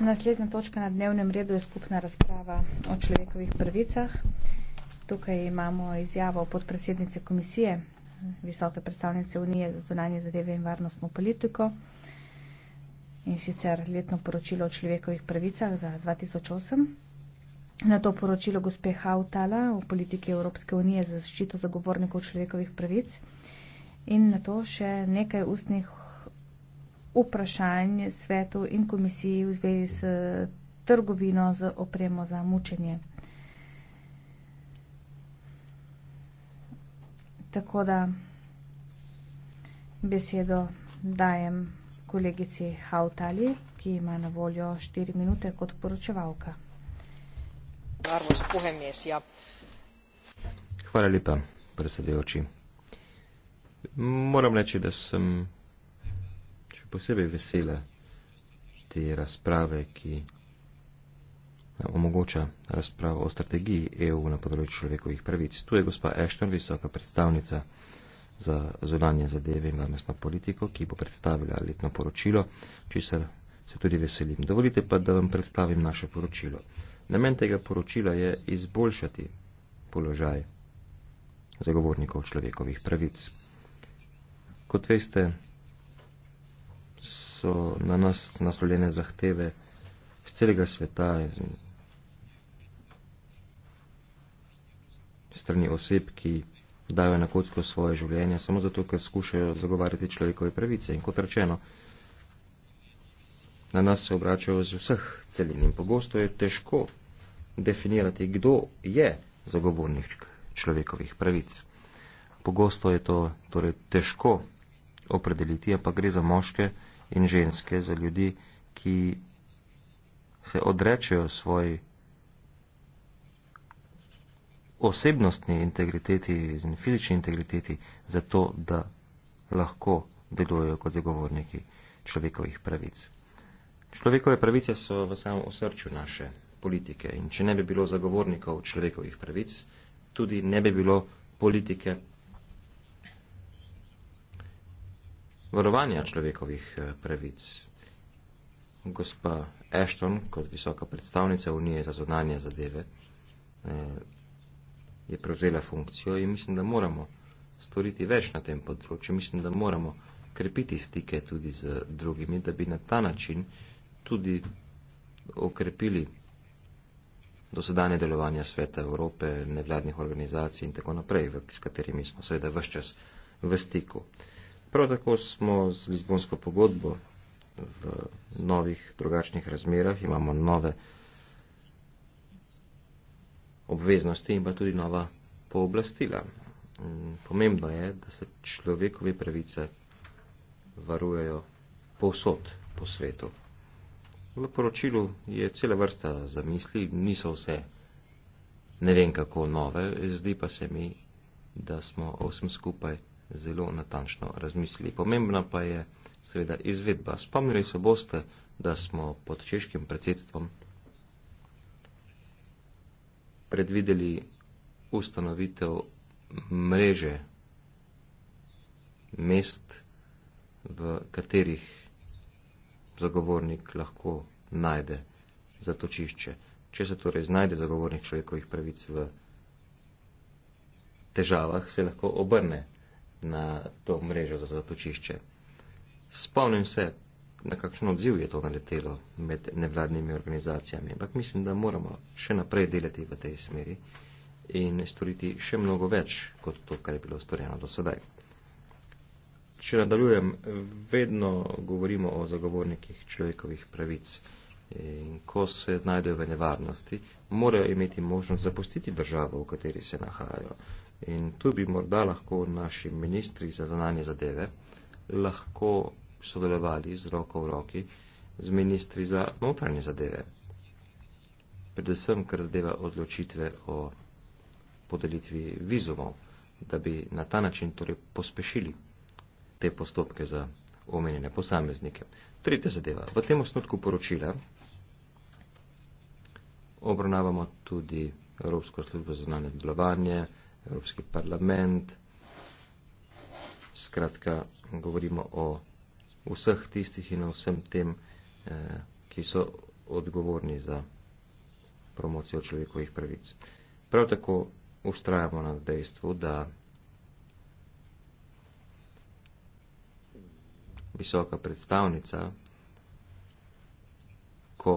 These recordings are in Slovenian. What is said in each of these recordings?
Naslednja točka na dnevnem redu je skupna razprava o človekovih prvicah. Tukaj imamo izjavo podpredsednice komisije, visoke predstavnice Unije za zunanje zadeve in varnostno politiko in sicer letno poročilo o človekovih pravicah za 2008. Na to poročilo gospe Hautala o politiki Evropske unije za zaščito zagovornikov človekovih pravic in na to še nekaj ustnih vprašanj svetu in komisiji v zvezi s eh, trgovino z opremo za mučenje. Tako da besedo dajem kolegici Hautali, ki ima na voljo 4 minute kot poročevalka. Ja- Hvala lepa, predsedujoči. Moram reči, da sem posebej vesela te razprave, ki omogoča razpravo o strategiji EU na področju človekovih pravic. Tu je gospa Ashton, visoka predstavnica za zunanje zadeve in varnostno politiko, ki bo predstavila letno poročilo, česar se tudi veselim. Dovolite pa, da vam predstavim naše poročilo. Namen tega poročila je izboljšati položaj zagovornikov človekovih pravic. Kot veste, so na nas naslovljene zahteve z celega sveta in strani oseb, ki dajo na kocko svoje življenje, samo zato, ker skušajo zagovarjati človekove pravice. In kot rečeno, na nas se obračajo z vseh celin in pogosto je težko definirati, kdo je zagovornik človekovih pravic. Pogosto je to torej težko opredeliti, ampak gre za moške, in ženske, za ljudi, ki se odrečejo svoj osebnostni integriteti in fizični integriteti, zato da lahko delujejo kot zagovorniki človekovih pravic. Človekove pravice so v samem osrčju naše politike in če ne bi bilo zagovornikov človekovih pravic, tudi ne bi bilo politike varovanja človekovih eh, pravic. Gospa Ashton, kot visoka predstavnica Unije za zunanje zadeve, eh, je prevzela funkcijo in mislim, da moramo storiti več na tem področju. Mislim, da moramo krepiti stike tudi z drugimi, da bi na ta način tudi okrepili dosedanje delovanja sveta Evrope, nevladnih organizacij in tako naprej, s katerimi smo seveda vse čas v stiku. Prav tako smo z Lizbonsko pogodbo v novih, drugačnih razmerah, imamo nove obveznosti in pa tudi nova pooblastila. Mm, pomembno je, da se človekove pravice varujejo posod po svetu. V poročilu je cela vrsta zamisli, niso vse ne vem kako nove, zdi pa se mi, da smo vsem skupaj zelo natančno razmislili. Pomembna pa je seveda izvedba. Spomnili se boste, da smo pod češkim predsedstvom predvideli ustanovitev mreže mest, v katerih zagovornik lahko najde zatočišče. Če se torej znajde zagovornik človekovih pravic v težavah, se lahko obrne na to mrežo za zatočišče. Spomnim se, na kakšen odziv je to naletelo med nevladnimi organizacijami, ampak mislim, da moramo še naprej delati v tej smeri in storiti še mnogo več kot to, kar je bilo storjeno do sedaj. Če nadaljujem, vedno govorimo o zagovornikih človekovih pravic. In ko se znajdejo v nevarnosti, morajo imeti možnost zapustiti državo, v kateri se nahajajo. In tu bi morda lahko naši ministri za zunanje zadeve lahko sodelovali z roko v roki z ministri za notranje zadeve. Predvsem, kar zadeva odločitve o podelitvi vizumov, da bi na ta način torej pospešili te postopke za omenjene posameznike. Tretja zadeva. V tem osnutku poročila obravnavamo tudi Evropsko službo za zunanje delovanje, Evropski parlament, skratka, govorimo o vseh tistih in o vsem tem, eh, ki so odgovorni za promocijo človekovih pravic. Prav tako ustrajamo na dejstvu, da visoka predstavnica, ko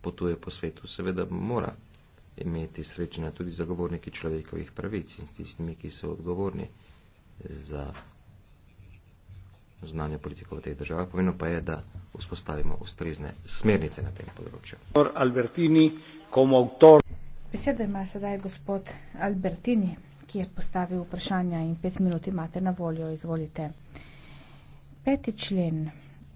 potuje po svetu, seveda mora imeti srečanja tudi zagovorniki človekovih pravic in s tistimi, ki so odgovorni za znanje politikov v teh državah. Pomembno pa je, da vzpostavimo ustrezne smernice na tem področju. Albertini, komautor. Beseda ima sedaj gospod Albertini, ki je postavil vprašanja in pet minut imate na voljo, izvolite. Peti člen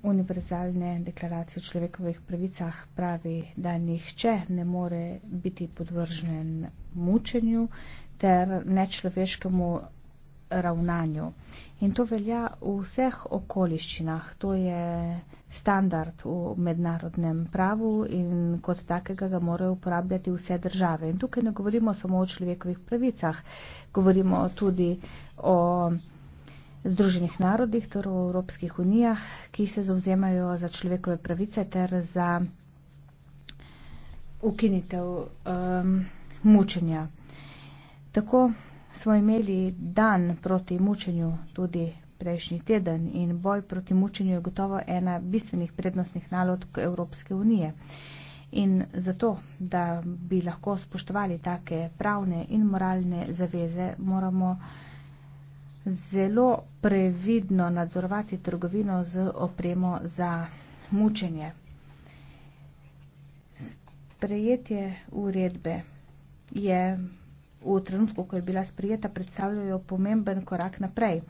univerzalne deklaracije o človekovih pravicah pravi, da nihče ne more biti podvržen mučenju ter nečloveškemu ravnanju. In to velja v vseh okoliščinah. To je standard v mednarodnem pravu in kot takega ga morajo uporabljati vse države. In tukaj ne govorimo samo o človekovih pravicah, govorimo tudi o Združenih narodih, torej v Evropskih unijah, ki se zauzemajo za človekove pravice ter za ukinitev um, mučenja. Tako smo imeli dan proti mučenju tudi prejšnji teden in boj proti mučenju je gotovo ena bistvenih prednostnih nalog Evropske unije. In zato, da bi lahko spoštovali take pravne in moralne zaveze, moramo zelo previdno nadzorovati trgovino z opremo za mučenje. Prejetje uredbe je v trenutku, ko je bila sprijeta, predstavljajo pomemben korak naprej,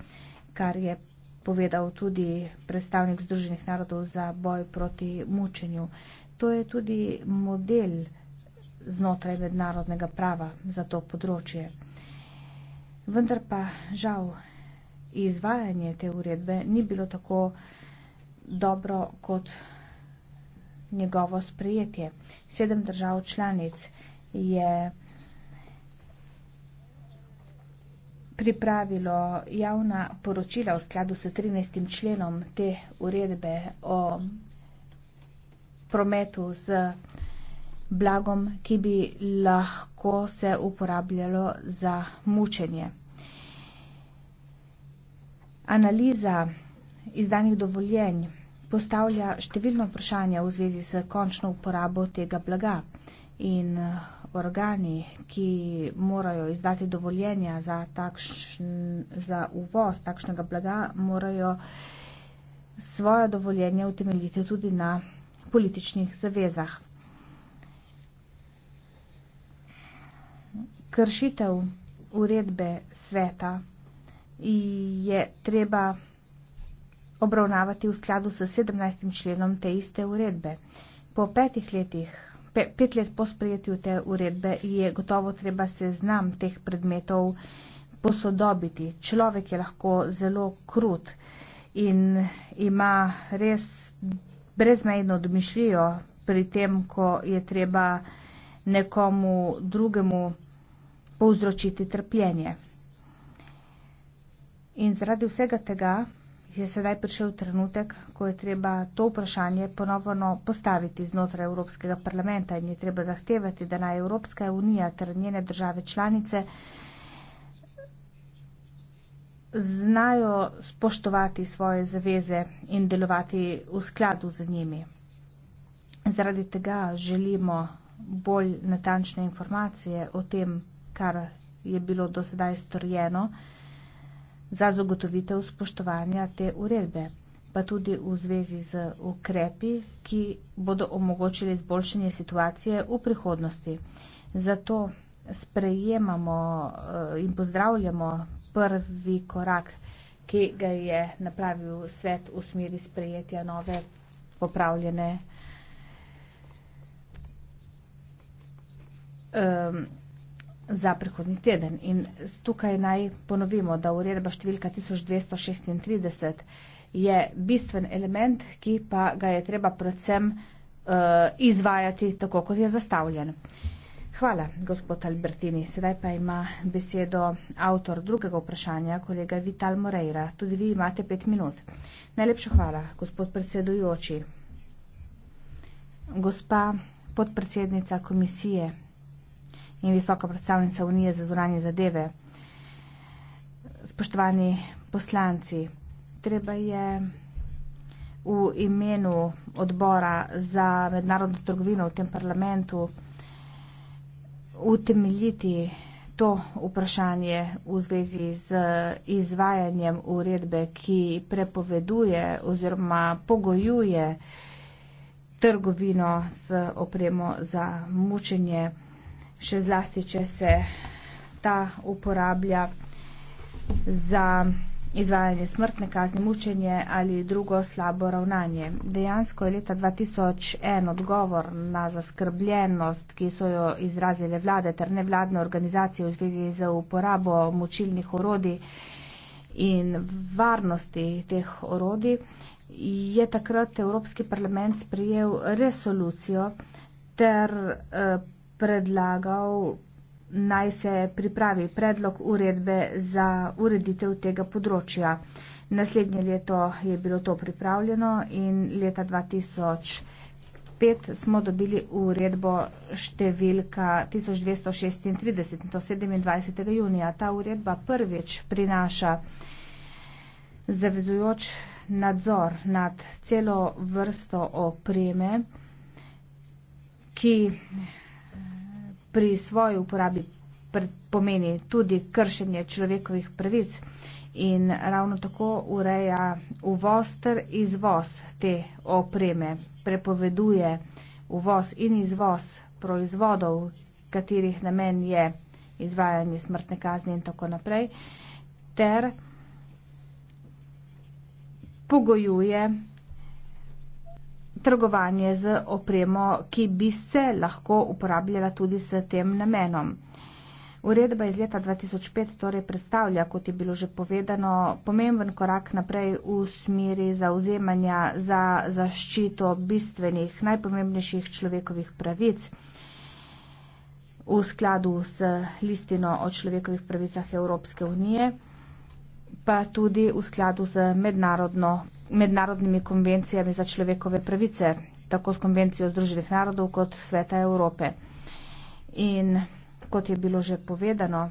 kar je povedal tudi predstavnik Združenih narodov za boj proti mučenju. To je tudi model znotraj mednarodnega prava za to področje. Vendar pa žal izvajanje te uredbe ni bilo tako dobro kot njegovo sprejetje. Sedem držav članic je pripravilo javna poročila v skladu s 13. členom te uredbe o prometu z blagom, ki bi lahko se uporabljalo za mučenje. Analiza izdanih dovoljenj postavlja številno vprašanje v zvezi s končno uporabo tega blaga in eh, organi, ki morajo izdati dovoljenja za, takšn, za uvoz takšnega blaga, morajo svoje dovoljenje utemeljiti tudi na političnih zavezah. kršitev uredbe sveta je treba obravnavati v skladu s 17. členom te iste uredbe. Po petih letih, pe, pet let po sprejetju te uredbe je gotovo treba seznam teh predmetov posodobiti. Človek je lahko zelo krut in ima res brezmejno domišljijo pri tem, ko je treba nekomu drugemu povzročiti trpljenje. In zaradi vsega tega je sedaj prišel trenutek, ko je treba to vprašanje ponovno postaviti znotraj Evropskega parlamenta in je treba zahtevati, da naj Evropska unija ter njene države članice znajo spoštovati svoje zaveze in delovati v skladu z njimi. Zaradi tega želimo bolj natančne informacije o tem, kar je bilo do sedaj storjeno za zagotovitev spoštovanja te uredbe, pa tudi v zvezi z ukrepi, ki bodo omogočili izboljšanje situacije v prihodnosti. Zato sprejemamo eh, in pozdravljamo prvi korak, ki ga je napravil svet v smeri sprejetja nove popravljene. Um, za prihodni teden. In tukaj naj ponovimo, da uredba številka 1236 je bistven element, ki pa ga je treba predvsem uh, izvajati tako, kot je zastavljen. Hvala, gospod Albertini. Sedaj pa ima besedo avtor drugega vprašanja, kolega Vital Moreira. Tudi vi imate pet minut. Najlepša hvala, gospod predsedujoči. Gospa podpredsednica komisije in visoka predstavnica Unije za zvoranje zadeve. Spoštovani poslanci, treba je v imenu odbora za mednarodno trgovino v tem parlamentu utemeljiti to vprašanje v zvezi z izvajanjem uredbe, ki prepoveduje oziroma pogojuje trgovino z opremo za mučenje še zlasti, če se ta uporablja za izvajanje smrtne kazni, mučenje ali drugo slabo ravnanje. Dejansko je leta 2001 odgovor na zaskrbljenost, ki so jo izrazile vlade ter nevladne organizacije v zvezi z uporabo mučilnih orodij in varnosti teh orodij, je takrat Evropski parlament sprejel resolucijo ter eh, predlagal naj se pripravi predlog uredbe za ureditev tega področja. Naslednje leto je bilo to pripravljeno in leta 2005 smo dobili uredbo številka 1236 in to 27. junija. Ta uredba prvič prinaša zavezujoč nadzor nad celo vrsto opreme, ki pri svoji uporabi pomeni tudi kršenje človekovih pravic in ravno tako ureja uvoz ter izvoz te opreme, prepoveduje uvoz in izvoz proizvodov, katerih namen je izvajanje smrtne kazni in tako naprej, ter pogojuje proizvodov, trgovanje z opremo, ki bi se lahko uporabljala tudi s tem namenom. Uredba iz leta 2005 torej predstavlja, kot je bilo že povedano, pomemben korak naprej v smeri zauzemanja za zaščito bistvenih, najpomembnejših človekovih pravic v skladu s listino o človekovih pravicah Evropske unije pa tudi v skladu z mednarodnimi konvencijami za človekove pravice, tako s konvencijo Združenih narodov kot Sveta Evrope. In kot je bilo že povedano,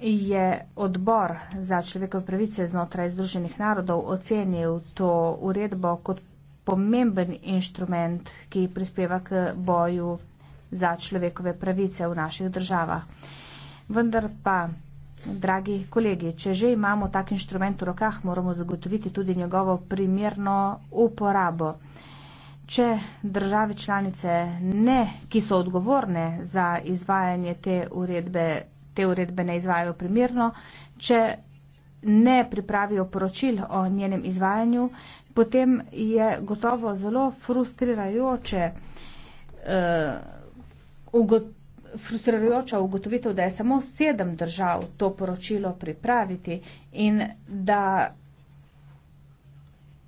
je odbor za človekove pravice znotraj Združenih narodov ocenil to uredbo kot pomemben inštrument, ki prispeva k boju za človekove pravice v naših državah. Vendar pa, dragi kolegi, če že imamo tak inštrument v rokah, moramo zagotoviti tudi njegovo primerno uporabo. Če države članice, ne, ki so odgovorne za izvajanje te uredbe, te uredbe ne izvajajo primerno, če ne pripravijo poročil o njenem izvajanju, potem je gotovo zelo frustrirajoče eh, ugotoviti, frustrirajoča ugotovitev, da je samo sedem držav to poročilo pripraviti in da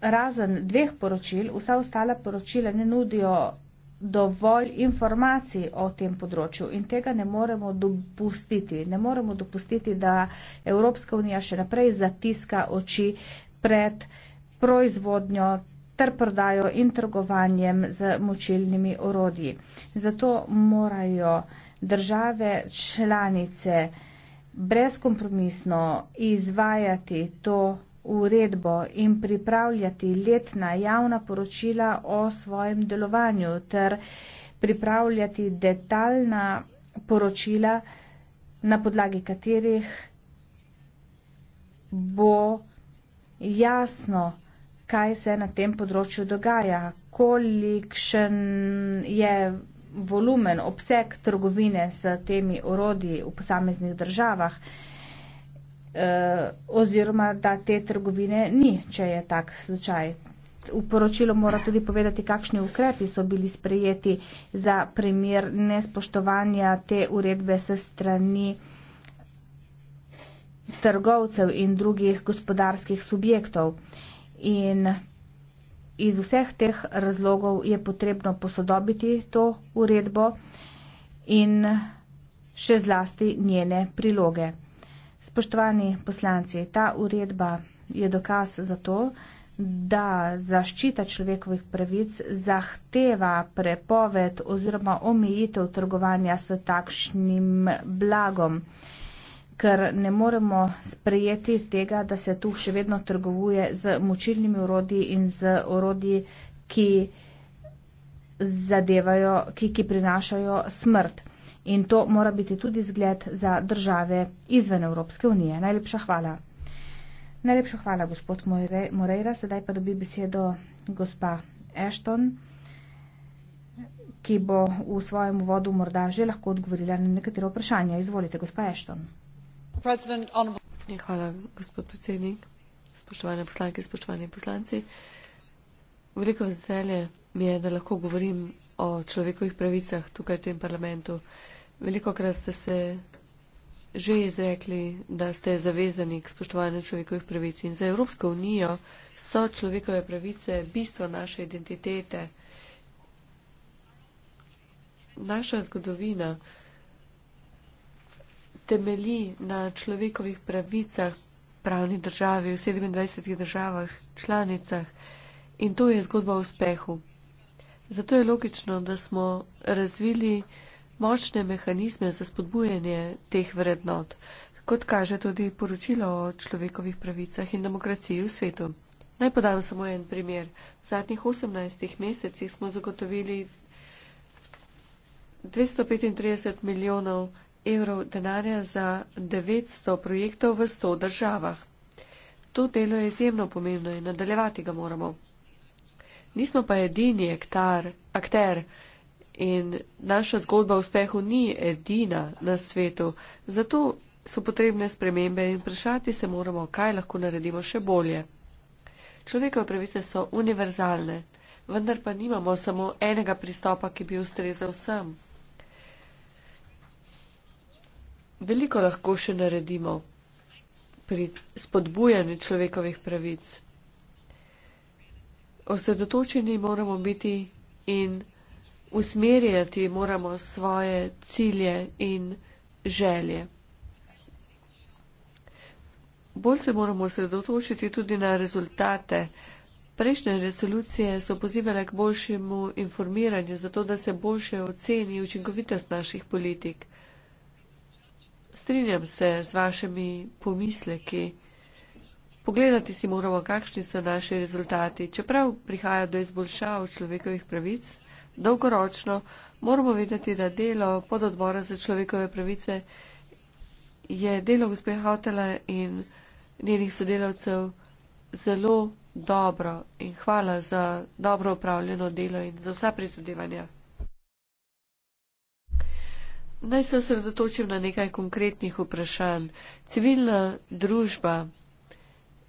razen dveh poročil, vsa ostala poročila ne nudijo dovolj informacij o tem področju in tega ne moremo dopustiti. Ne moremo dopustiti, da Evropska unija še naprej zatiska oči pred proizvodnjo ter prodajo in trgovanjem z močilnimi orodji. Zato morajo države članice brezkompromisno izvajati to uredbo in pripravljati letna javna poročila o svojem delovanju ter pripravljati detaljna poročila, na podlagi katerih bo jasno, kaj se na tem področju dogaja, kolikšen je volumen, obseg trgovine s temi orodji v posameznih državah eh, oziroma da te trgovine ni, če je tak slučaj. V poročilu mora tudi povedati, kakšni ukrepi so bili sprejeti za primer nespoštovanja te uredbe s strani trgovcev in drugih gospodarskih subjektov. In iz vseh teh razlogov je potrebno posodobiti to uredbo in še zlasti njene priloge. Spoštovani poslanci, ta uredba je dokaz za to, da zaščita človekovih pravic zahteva prepoved oziroma omejitev trgovanja s takšnim blagom ker ne moremo sprejeti tega, da se tu še vedno trgovuje z močilnimi urodji in z urodji, ki zadevajo, ki, ki prinašajo smrt. In to mora biti tudi zgled za države izven Evropske unije. Najlepša hvala. Najlepša hvala, gospod Moreira. Sedaj pa dobi besedo gospa Ashton, ki bo v svojem vodu morda že lahko odgovorila na nekatero vprašanje. Izvolite, gospa Ashton. Ja, hvala, gospod predsednik. Spoštovane poslanke, spoštovani poslanci. Veliko veselje mi je, da lahko govorim o človekovih pravicah tukaj v tem parlamentu. Veliko krat ste se že izrekli, da ste zavezani k spoštovanju človekovih pravic. In za Evropsko unijo so človekove pravice bistvo naše identitete. Naša zgodovina temelji na človekovih pravicah, pravni državi v 27 državah, članicah. In to je zgodba o uspehu. Zato je logično, da smo razvili močne mehanizme za spodbujanje teh vrednot, kot kaže tudi poročilo o človekovih pravicah in demokraciji v svetu. Naj podam samo en primer. V zadnjih 18 mesecih smo zagotovili 235 milijonov evrov denarja za 900 projektov v 100 državah. To delo je izjemno pomembno in nadaljevati ga moramo. Nismo pa edini aktar, akter in naša zgodba o uspehu ni edina na svetu, zato so potrebne spremembe in vprašati se moramo, kaj lahko naredimo še bolje. Človekove pravice so univerzalne, vendar pa nimamo samo enega pristopa, ki bi ustrezal vsem. veliko lahko še naredimo pri spodbujanju človekovih pravic. Osredotočeni moramo biti in usmerjati moramo svoje cilje in želje. Bolj se moramo osredotočiti tudi na rezultate. Prejšnje resolucije so pozivale k boljšemu informiranju, zato da se boljše oceni učinkovitost naših politik. Strinjam se z vašimi pomisleki. Pogledati si moramo, kakšni so naši rezultati. Čeprav prihaja do izboljšav človekovih pravic, dolgoročno moramo vedeti, da delo pod odbora za človekove pravice je delo gospoda Hotela in njenih sodelavcev zelo dobro in hvala za dobro upravljeno delo in za vsa prizadevanja. Naj se osredotočim na nekaj konkretnih vprašanj. Civilna družba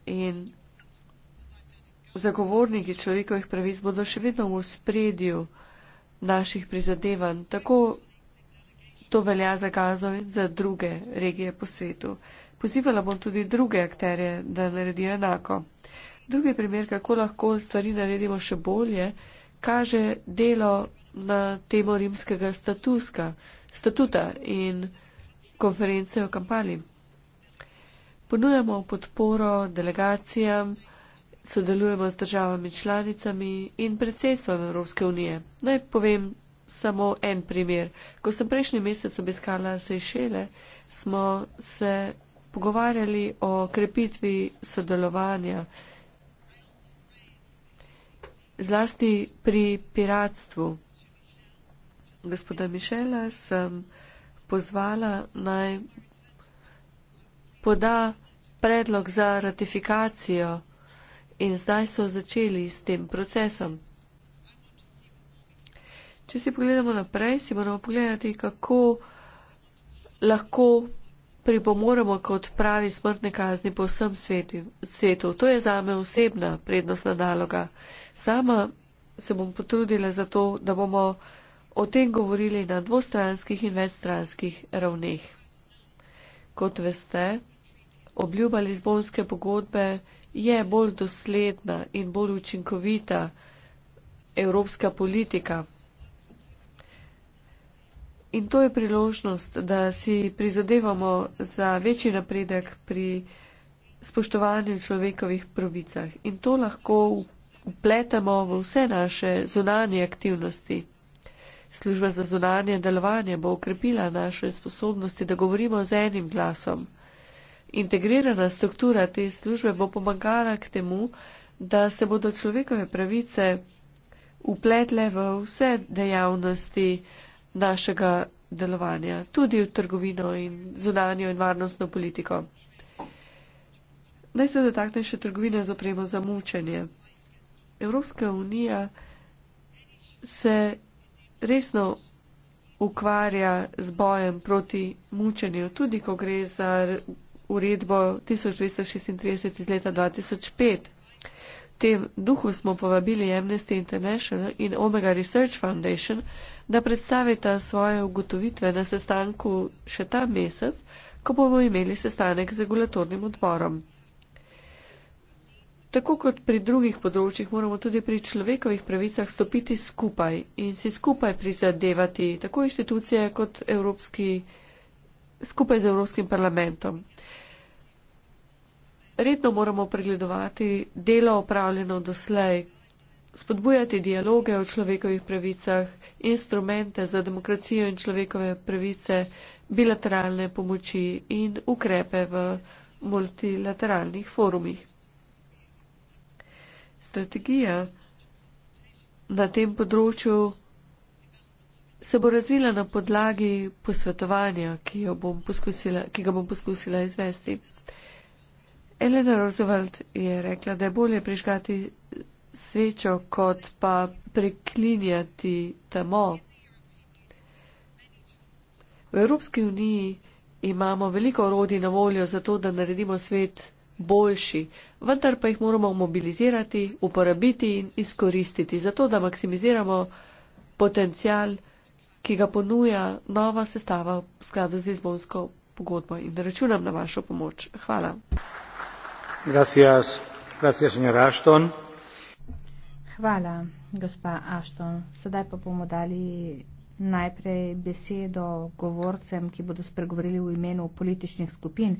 in zagovorniki človekovih pravic bodo še vedno v spredju naših prizadevanj. Tako to velja za Gazo in za druge regije po svetu. Pozivala bom tudi druge akterje, da naredijo enako. Drugi primer, kako lahko stvari naredimo še bolje, kaže delo na temo rimskega statuska statuta in konference v Kampali. Ponujamo podporo delegacijam, sodelujemo z državami članicami in predsedstvom Evropske unije. Naj povem samo en primer. Ko sem prejšnji mesec obiskala Sejšele, smo se pogovarjali o krepitvi sodelovanja zlasti pri piratstvu gospoda Mišela sem pozvala naj poda predlog za ratifikacijo in zdaj so začeli s tem procesom. Če si pogledamo naprej, si moramo pogledati, kako lahko pripomoremo k odpravi smrtne kazni po vsem svetu. To je zame osebna prednostna naloga. Sama se bom potrudila za to, da bomo o tem govorili na dvostranskih in večstranskih ravneh. Kot veste, obljuba Lizbonske pogodbe je bolj dosledna in bolj učinkovita evropska politika. In to je priložnost, da si prizadevamo za večji napredek pri spoštovanju človekovih pravicah. In to lahko upletemo v vse naše zunanje aktivnosti. Služba za zunanje delovanje bo ukrepila naše sposobnosti, da govorimo z enim glasom. Integrirana struktura te službe bo pomagala k temu, da se bodo človekove pravice upletle v vse dejavnosti našega delovanja, tudi v trgovino in zunanjo in varnostno politiko. Naj se dotakne še trgovine z opremo za mučenje. Evropska unija se resno ukvarja z bojem proti mučenju, tudi ko gre za uredbo 1236 iz leta 2005. V tem duhu smo povabili Amnesty International in Omega Research Foundation, da predstavita svoje ugotovitve na sestanku še ta mesec, ko bomo imeli sestanek z regulatornim odborom. Tako kot pri drugih področjih moramo tudi pri človekovih pravicah stopiti skupaj in si skupaj prizadevati, tako inštitucije kot Evropski, skupaj z Evropskim parlamentom. Redno moramo pregledovati delo opravljeno doslej, spodbujati dialoge o človekovih pravicah, instrumente za demokracijo in človekove pravice, bilateralne pomoči in ukrepe v multilateralnih forumih strategija na tem področju se bo razvila na podlagi posvetovanja, ki, bom ki ga bom poskusila izvesti. Elena Roosevelt je rekla, da je bolje prižgati svečo, kot pa preklinjati temo. V Evropski uniji imamo veliko orodij na voljo za to, da naredimo svet boljši, vendar pa jih moramo mobilizirati, uporabiti in izkoristiti, zato da maksimiziramo potencial, ki ga ponuja nova sestava v skladu z izbonsko pogodbo. In računam na vašo pomoč. Hvala. Gracias. Gracias, Ashton. Hvala, gospa Ašton. Sedaj pa bomo dali najprej besedo govorcem, ki bodo spregovorili v imenu političnih skupin.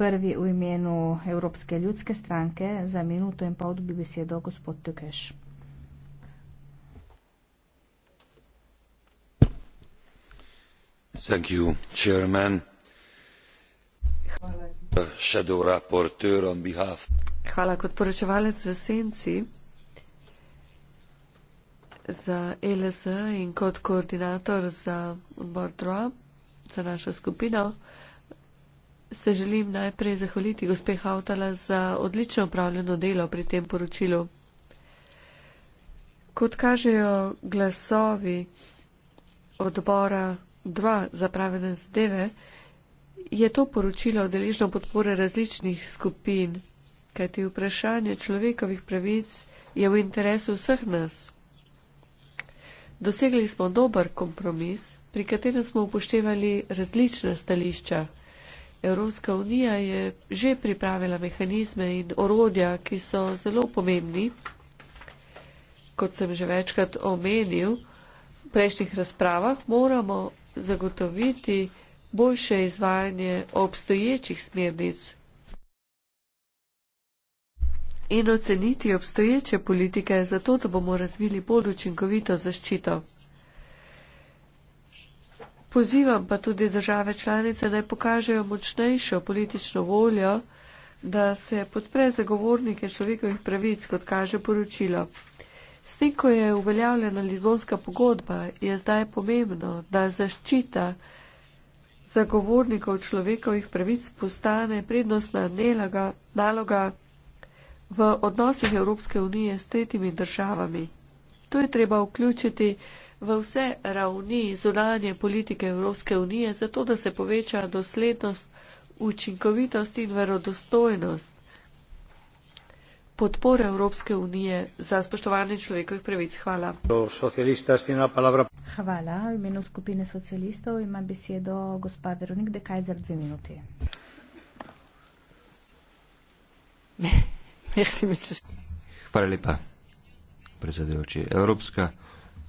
Prvi v imenu Evropske ljudske stranke, za minuto in pol dobi besedo gospod Tukeš. Thank you, chairman. Shadow rapporteur on behalf. Hvala kot poročevalec v senci za LSE in kot koordinator za odbor DROA, za našo skupino se želim najprej zahvaliti gospe Hautala za odlično upravljeno delo pri tem poročilu. Kot kažejo glasovi odbora 2 za pravene zadeve, je to poročilo deležno podpore različnih skupin, kajti vprašanje človekovih pravic je v interesu vseh nas. Dosegli smo dober kompromis, pri katerem smo upoštevali različna stališča. Evropska unija je že pripravila mehanizme in orodja, ki so zelo pomembni, kot sem že večkrat omenil v prejšnjih razpravah, moramo zagotoviti boljše izvajanje obstoječih smernic in oceniti obstoječe politike, zato da bomo razvili bolj učinkovito zaščito. Pozivam pa tudi države članice, da pokažejo močnejšo politično voljo, da se podpre zagovornike človekovih pravic, kot kaže poročilo. S tem, ko je uveljavljena Lizbonska pogodba, je zdaj pomembno, da zaščita zagovornikov človekovih pravic postane prednostna nelaga, naloga v odnosih Evropske unije s tretjimi državami. To je treba vključiti v vse ravni zunanje politike Evropske unije, zato da se poveča doslednost, učinkovitost in verodostojnost podpore Evropske unije za spoštovanje človekovih pravic. Hvala. Hvala. V imenu skupine socialistov ima besedo gospa Veronik Dekaj za dve minuti. Hvala lepa, predsedujoči. Evropska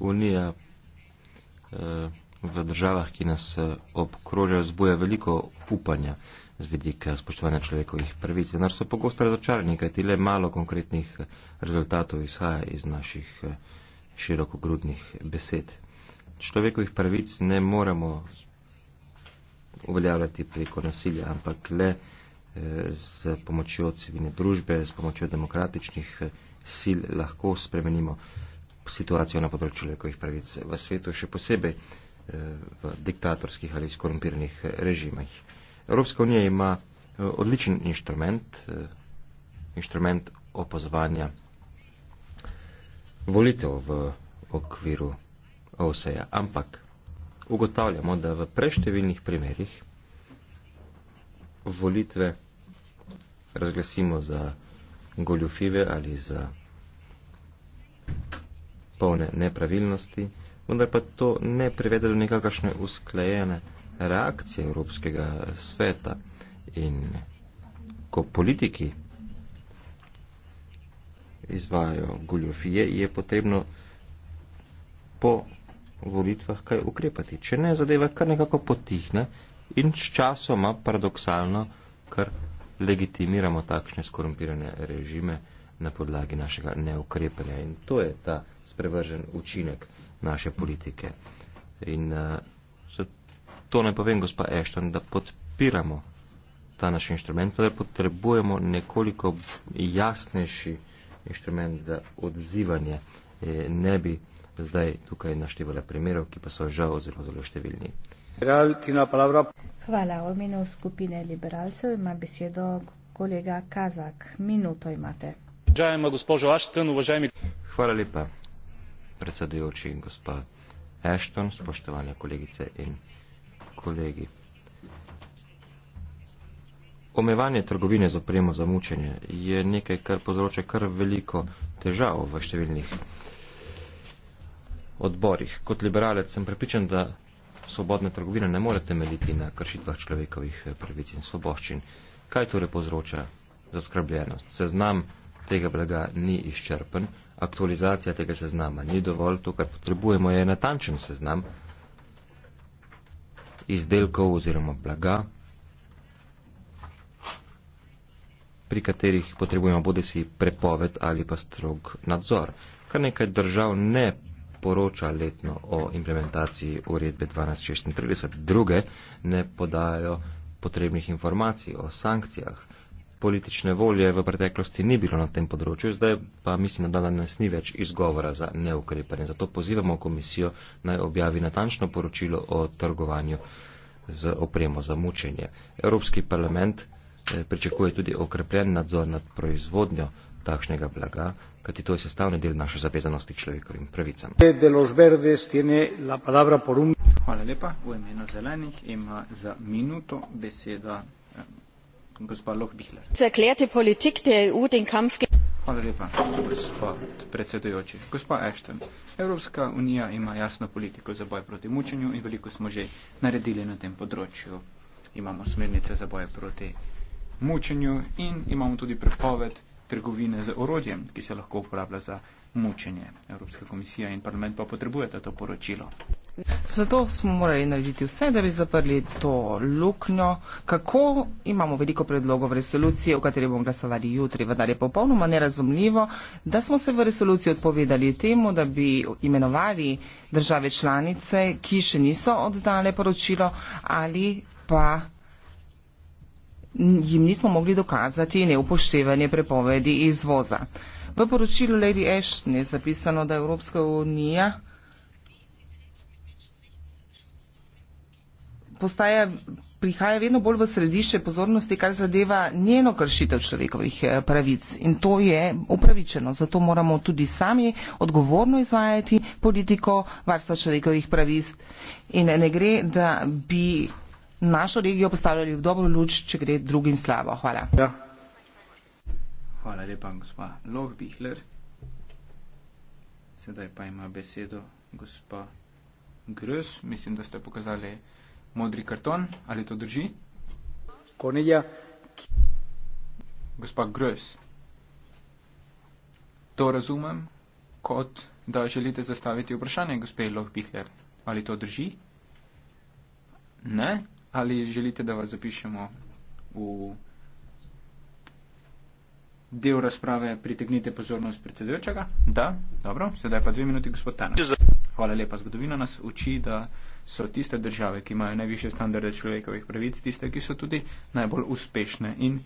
Unija eh, v državah, ki nas eh, obkroža, zbuja veliko upanja z vidika spoštovanja človekovih pravic, vendar so pogosto razočarani, kajti le malo konkretnih eh, rezultatov izhaja iz naših širokogrudnih besed. Človekovih pravic ne moramo uveljavljati preko nasilja, ampak le z pomočjo civilne družbe, s pomočjo demokratičnih sil lahko spremenimo situacijo na področju človekovih pravic v svetu, še posebej eh, v diktatorskih ali skorumpiranih eh, režimih. Evropska unija ima eh, odličen inštrument, inštrument opazovanja volitev v okviru OSEA, ampak ugotavljamo, da v preštevilnih primerjih volitve razglasimo za goljufive ali za polne nepravilnosti, vendar pa to ne privede do nekakšne usklajene reakcije Evropskega sveta. In ko politiki izvajajo goljofije, je potrebno po volitvah kaj ukrepati. Če ne, zadeva kar nekako potihne in s časoma paradoksalno kar legitimiramo takšne skorumpirane režime na podlagi našega neukrepanja. In to je ta sprevržen učinek naše politike. In uh, to naj povem, gospa Ešton, da podpiramo ta naš inštrument, da potrebujemo nekoliko jasnejši inštrument za odzivanje. E, ne bi zdaj tukaj naštevala primerov, ki pa so žal zelo, zelo številni. Hvala. V imenu skupine liberalcev ima besedo kolega Kazak. Minuto imate уважаема госпожо Аштън, уважаеми... Хвала лепа, председаючи и госпа Аштън, спощавания колегице и колеги. Omejevanje trgovine z opremo za mučenje je nekaj, kar povzroča kar veliko težav v številnih odborih. Kot liberalec sem prepričan, da svobodna trgovina ne more temeljiti na kršitvah človekovih pravic in svoboščin. Kaj torej povzroča zaskrbljenost? Seznam tega blaga ni izčrpen, aktualizacija tega seznama ni dovolj, to, kar potrebujemo, je natančen seznam izdelkov oziroma blaga, pri katerih potrebujemo bodi si prepoved ali pa strog nadzor. Kar nekaj držav ne poroča letno o implementaciji uredbe 1236, druge ne podajo potrebnih informacij o sankcijah politične volje v preteklosti ni bilo na tem področju, zdaj pa mislim, da danes ni več izgovora za neukrepanje. Zato pozivamo komisijo naj objavi natančno poročilo o trgovanju z opremo za mučenje. Evropski parlament eh, pričakuje tudi okrepljen nadzor nad proizvodnjo takšnega blaga, kajti to je sestavni del naše zavezanosti človekovim pravicam. Hvala lepa. V imenu zelenih ima za minuto beseda gospa Loh Bihler. Zaklerte politik der EU den Kampf gegen Hvala lepa, gospod predsedujoči. Gospa Ashton, Evropska unija ima jasno politiko za boj proti mučenju in veliko smo že naredili na tem področju. Imamo smernice za boj proti mučenju in imamo tudi prepoved trgovine z orodjem, ki se lahko uporablja za mučenje. Evropska komisija in parlament pa potrebujete to poročilo. Zato smo morali narediti vse, da bi zaprli to luknjo. Kako imamo veliko predlogov resolucije, o kateri bomo glasovali jutri, vendar je popolnoma nerazumljivo, da smo se v resoluciji odpovedali temu, da bi imenovali države članice, ki še niso oddale poročilo ali pa jim nismo mogli dokazati neupoštevanje prepovedi izvoza. V poročilu Lady Ashton je zapisano, da Evropska unija postaja, prihaja vedno bolj v središče pozornosti, kar zadeva njeno kršitev človekovih eh, pravic. In to je upravičeno. Zato moramo tudi sami odgovorno izvajati politiko varstva človekovih pravic. In ne gre, da bi našo regijo postavljali v dobro luč, če gre drugim slabo. Hvala. Ja. Hvala lepa, gospa Lohbihler. Sedaj pa ima besedo gospa Grus. Mislim, da ste pokazali modri karton, ali to drži? Konilja. Gospa Grös, to razumem kot, da želite zastaviti vprašanje gospe Lohbihler. Ali to drži? Ne? Ali želite, da vas zapišemo v del razprave, pritegnite pozornost predsedujočega? Da, dobro, sedaj pa dve minuti, gospod Tanek. Hvala lepa. Zgodovina nas uči, da so tiste države, ki imajo najviše standarde človekovih pravic, tiste, ki so tudi najbolj uspešne in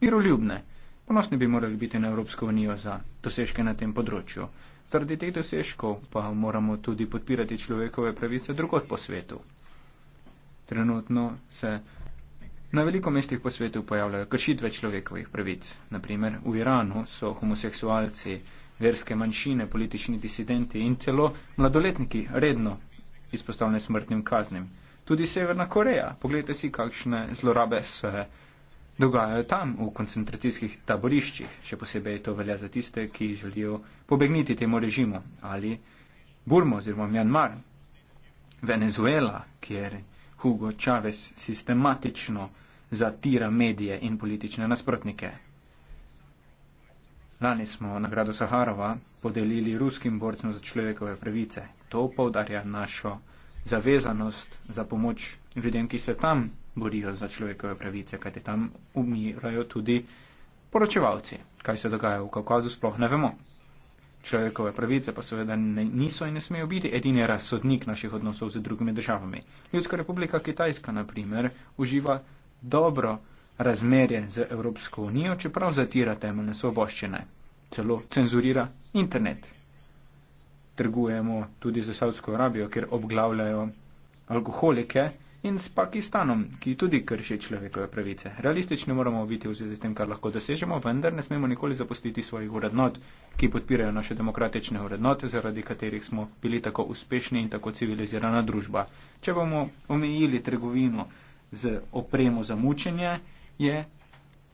miroljubne. Ponosni bi morali biti na Evropsko unijo za dosežke na tem področju. Zaradi teh dosežkov pa moramo tudi podpirati človekove pravice drugot po svetu. Trenutno se na veliko mestih po svetu pojavljajo kršitve človekovih pravic. Naprimer, v Iranu so homoseksualci verske manjšine, politični disidenti in celo mladoletniki redno izpostavljeni smrtnim kaznim. Tudi Severna Koreja. Poglejte si, kakšne zlorabe se dogajajo tam v koncentracijskih taboriščih. Še posebej to velja za tiste, ki želijo pobegniti temu režimu. Ali Burmo oziroma Mjanmar, Venezuela, kjer Hugo Chavez sistematično zatira medije in politične nasprotnike. Lani smo nagrado Saharova podelili ruskim borcem za človekove pravice. To povdarja našo zavezanost za pomoč ljudem, ki se tam borijo za človekove pravice, kajte tam umirajo tudi poročevalci. Kaj se dogaja v Kaukazu, sploh ne vemo. Človekove pravice pa seveda niso in ne smejo biti edini razsodnik naših odnosov z drugimi državami. Ljudska republika Kitajska, na primer, uživa dobro razmerje z Evropsko unijo, čeprav zatira temeljne svoboščine, celo cenzurira internet. Trgujemo tudi za Saudsko Arabijo, kjer obglavljajo alkoholike in s Pakistanom, ki tudi krši človekove pravice. Realistični moramo biti v zvezi s tem, kar lahko dosežemo, vendar ne smemo nikoli zapustiti svojih urednot, ki podpirajo naše demokratične urednote, zaradi katerih smo bili tako uspešni in tako civilizirana družba. Če bomo omejili trgovino z opremo za mučenje, je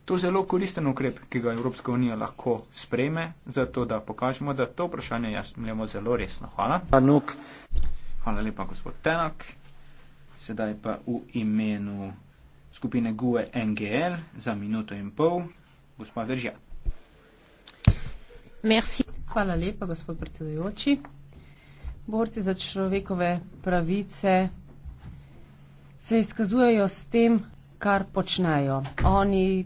to zelo koristen ukrep, ki ga Evropska unija lahko sprejme, zato da pokažemo, da to vprašanje jemljemo zelo resno. Hvala. Anuk. Hvala lepa, gospod Tenak. Sedaj pa v imenu skupine GUE NGL za minuto in pol, gospod Držja. Merci. Hvala lepa, gospod predsedujoči. Borci za človekove pravice se izkazujejo s tem, kar počnejo. Oni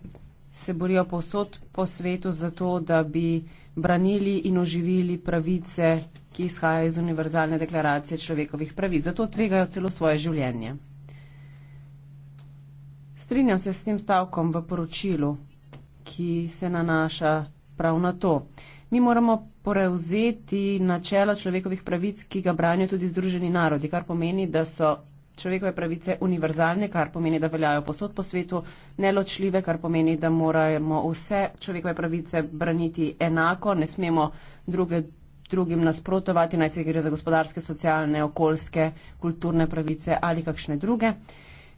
se borijo posod po svetu za to, da bi branili in oživili pravice, ki izhajajo iz Univerzalne deklaracije človekovih pravic. Zato tvegajo celo svoje življenje. Strinjam se s tem stavkom v poročilu, ki se nanaša prav na to. Mi moramo prevzeti načelo človekovih pravic, ki ga branijo tudi Združeni narodi, kar pomeni, da so človekove pravice univerzalne, kar pomeni, da veljajo posod po svetu, neločljive, kar pomeni, da moramo vse človekove pravice braniti enako, ne smemo druge, drugim nasprotovati, naj se gre za gospodarske, socialne, okoljske, kulturne pravice ali kakšne druge.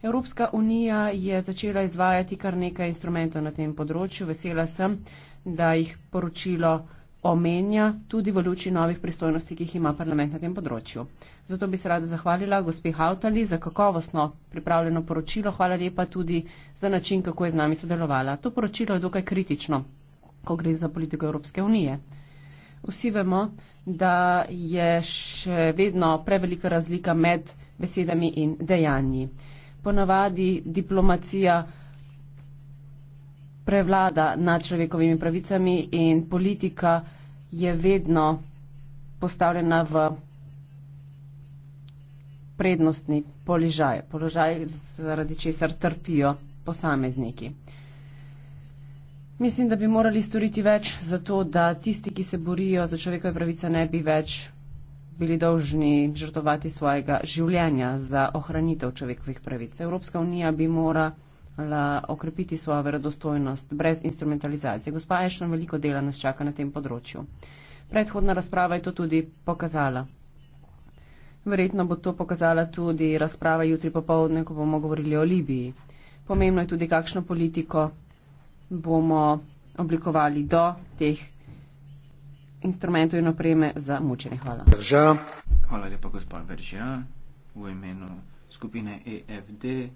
Evropska unija je začela izvajati kar nekaj instrumentov na tem področju. Vesela sem, da jih poročilo omenja tudi v luči novih pristojnosti, ki jih ima parlament na tem področju. Zato bi se rada zahvalila gospe Hautali za kakovostno pripravljeno poročilo, hvala lepa tudi za način, kako je z nami sodelovala. To poročilo je dokaj kritično, ko gre za politiko Evropske unije. Vsi vemo, da je še vedno prevelika razlika med besedami in dejanji. Ponavadi diplomacija prevlada nad človekovimi pravicami in politika je vedno postavljena v prednostni položaj, položaj, zaradi česar trpijo posamezniki. Mislim, da bi morali storiti več za to, da tisti, ki se borijo za človekove pravice, ne bi več bili dolžni žrtovati svojega življenja za ohranitev človekovih pravic. Evropska unija bi morala morala okrepiti svojo verodostojnost brez instrumentalizacije. Gospa Ešman veliko dela nas čaka na tem področju. Predhodna razprava je to tudi pokazala. Verjetno bo to pokazala tudi razprava jutri popovdne, ko bomo govorili o Libiji. Pomembno je tudi, kakšno politiko bomo oblikovali do teh instrumentov in opreme za mučenje. Hvala. Hvala lepa, gospod Veržja, v imenu skupine EFD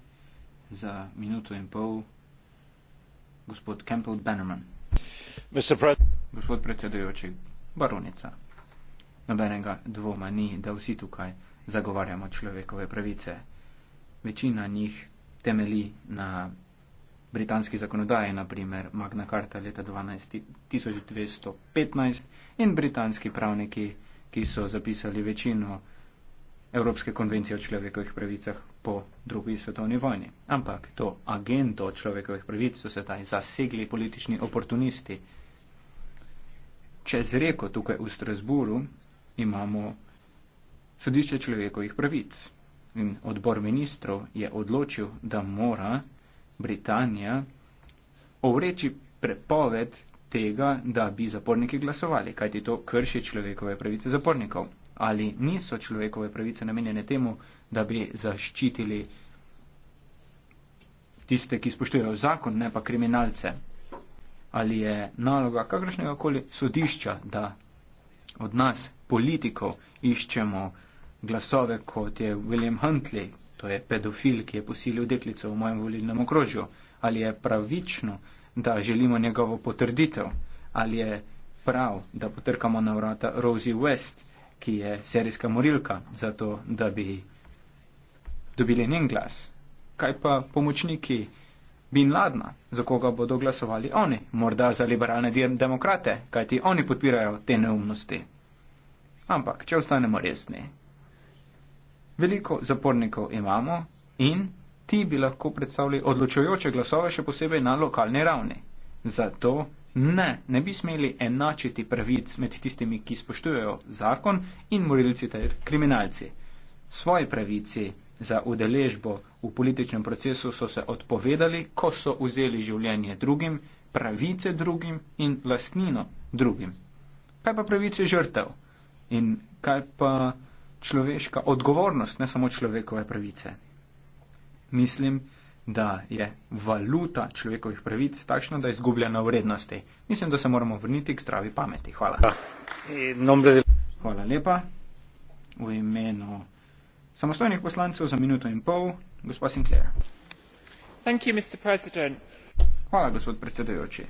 za minuto in pol gospod Campbell Bannerman. Gospod predsedujoči, baronica, nobenega dvoma ni, da vsi tukaj zagovarjamo človekove pravice. Večina njih temeli na britanski zakonodaji, naprimer Magna Carta leta 12, 1215 in britanski pravniki, ki so zapisali večino Evropske konvencije o človekovih pravicah po drugi svetovni vojni. Ampak to agento človekovih pravic so se taj zasegli politični oportunisti. Čez reko tukaj v Strasburu imamo sodišče človekovih pravic. In odbor ministrov je odločil, da mora Britanija ovreči prepoved tega, da bi zaporniki glasovali, kajti to krši človekove pravice zapornikov ali niso človekove pravice namenjene temu, da bi zaščitili tiste, ki spoštujejo zakon, ne pa kriminalce. Ali je naloga kakršnega koli sodišča, da od nas, politikov, iščemo glasove, kot je William Huntley, to je pedofil, ki je posilil deklico v mojem volilnem okrožju, ali je pravično, da želimo njegovo potrditev, ali je prav, da potrkamo na vrata Rosie West, ki je serijska morilka, zato da bi dobili njen glas. Kaj pa pomočniki Bin Ladna, za koga bodo glasovali oni? Morda za liberalne demokrate, kajti oni podpirajo te neumnosti. Ampak, če ostanemo resni, veliko zapornikov imamo in ti bi lahko predstavljali odločujoče glasove, še posebej na lokalni ravni. Zato ne, ne bi smeli enačiti pravic med tistimi, ki spoštujejo zakon in morilci ter kriminalci. Svoji pravici za udeležbo v političnem procesu so se odpovedali, ko so vzeli življenje drugim, pravice drugim in lastnino drugim. Kaj pa pravice žrtev? In kaj pa človeška odgovornost, ne samo človekove pravice? Mislim, da da je valuta človekovih pravic takšna, da izgublja na vrednosti. Mislim, da se moramo vrniti k zdravi pameti. Hvala. Ja. Hvala lepa. V imenu samostojnih poslancev za minuto in pol, gospod Sinclair. You, Hvala, gospod predsedujoči.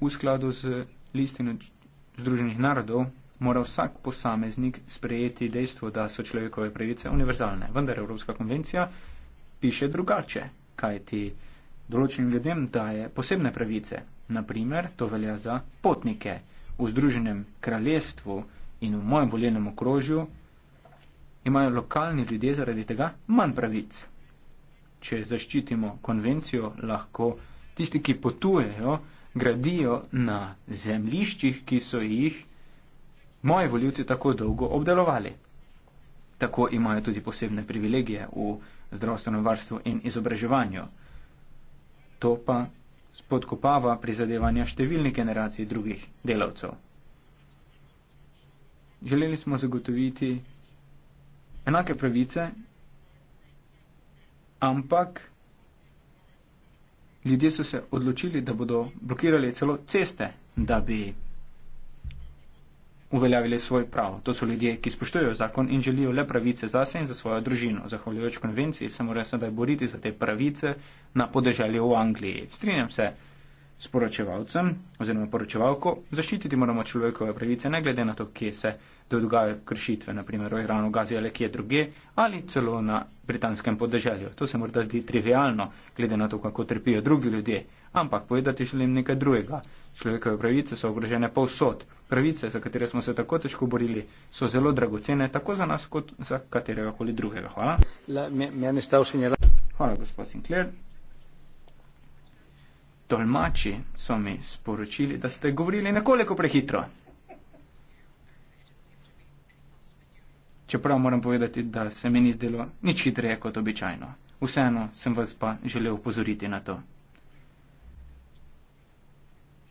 V skladu z listino Združenih narodov mora vsak posameznik sprejeti dejstvo, da so človekove pravice univerzalne. Vendar Evropska konvencija piše drugače, kajti določenim ljudem daje posebne pravice. Naprimer, to velja za potnike v Združenem kraljestvu in v mojem voljenem okrožju. Imajo lokalni ljudje zaradi tega manj pravic. Če zaščitimo konvencijo, lahko tisti, ki potujejo, gradijo na zemljiščih, ki so jih moji voljivci tako dolgo obdelovali. Tako imajo tudi posebne privilegije v zdravstvenem varstvu in izobraževanju. To pa spodkopava prizadevanja številnih generacij drugih delavcev. Želeli smo zagotoviti enake pravice, ampak ljudje so se odločili, da bodo blokirali celo ceste, da bi uveljavili svoj prav. To so ljudje, ki spoštujejo zakon in želijo le pravice zase in za svojo družino. Zahvaljujoč konvenciji se mora sedaj boriti za te pravice na podeželju v Angliji. Strinjam se sporočevalcem oziroma poročevalko zaščititi moramo človekove pravice, ne glede na to, kje se dogajajo kršitve, naprimer v Iranu, Gazi ali kje druge, ali celo na britanskem podeželju. To se morda zdi trivialno, glede na to, kako trpijo drugi ljudje, ampak povedati želim nekaj drugega. Človekove pravice so ogrožene povsod. Pravice, za katere smo se tako težko borili, so zelo dragocene, tako za nas, kot za katerega koli drugega. Hvala. La, me, me Hvala, gospod Sinclair. Tolmači so mi sporočili, da ste govorili nekoliko prehitro. Čeprav moram povedati, da se mi ni zdelo nič hitreje kot običajno. Vseeno sem vas pa želel upozoriti na to.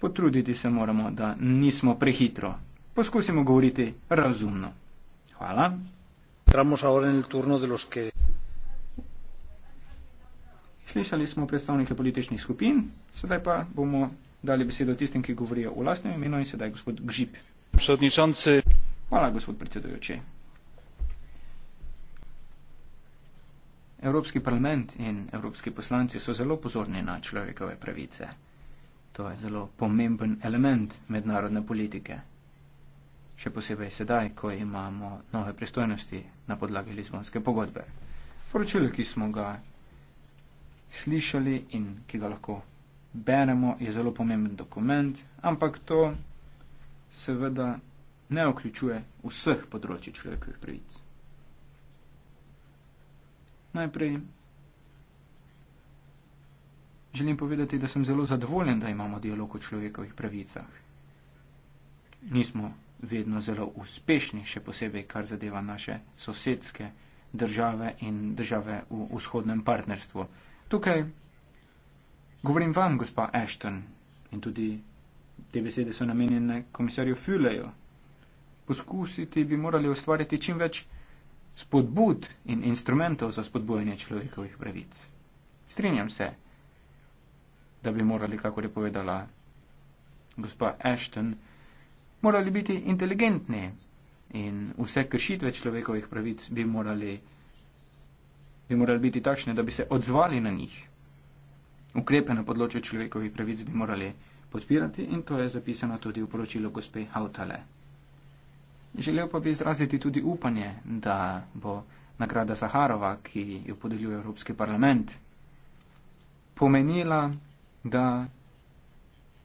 Potruditi se moramo, da nismo prehitro. Poskusimo govoriti razumno. Hvala. Entramos ahora en el turno de los que... Slišali smo predstavnike političnih skupin, sedaj pa bomo dali besedo tistim, ki govorijo v lastnem imenu in sedaj gospod Gžip. Predsedničanci. Hvala, gospod predsedujoči. Evropski parlament in evropski poslanci so zelo pozorni na človekove pravice. To je zelo pomemben element mednarodne politike. Še posebej sedaj, ko imamo nove pristojnosti na podlagi Lizbonske pogodbe. Poročilo, ki smo ga slišali in ki ga lahko beremo, je zelo pomemben dokument, ampak to seveda ne vključuje vseh področji človekovih pravic. Najprej želim povedati, da sem zelo zadovoljen, da imamo dialog o človekovih pravicah. Nismo vedno zelo uspešni, še posebej, kar zadeva naše sosedske države in države v vzhodnem partnerstvu tukaj govorim vam, gospa Ashton, in tudi te besede so namenjene komisarju Füleju. Poskusiti bi morali ustvariti čim več spodbud in instrumentov za spodbojanje človekovih pravic. Strinjam se, da bi morali, kako je povedala gospa Ashton, morali biti inteligentni in vse kršitve človekovih pravic bi morali bi morali biti takšne, da bi se odzvali na njih. Ukrepe na področju človekovih pravic bi morali podpirati in to je zapisano tudi v poročilu gospe Hautale. Želel pa bi izraziti tudi upanje, da bo nagrada Saharova, ki jo podeljuje Evropski parlament, pomenila, da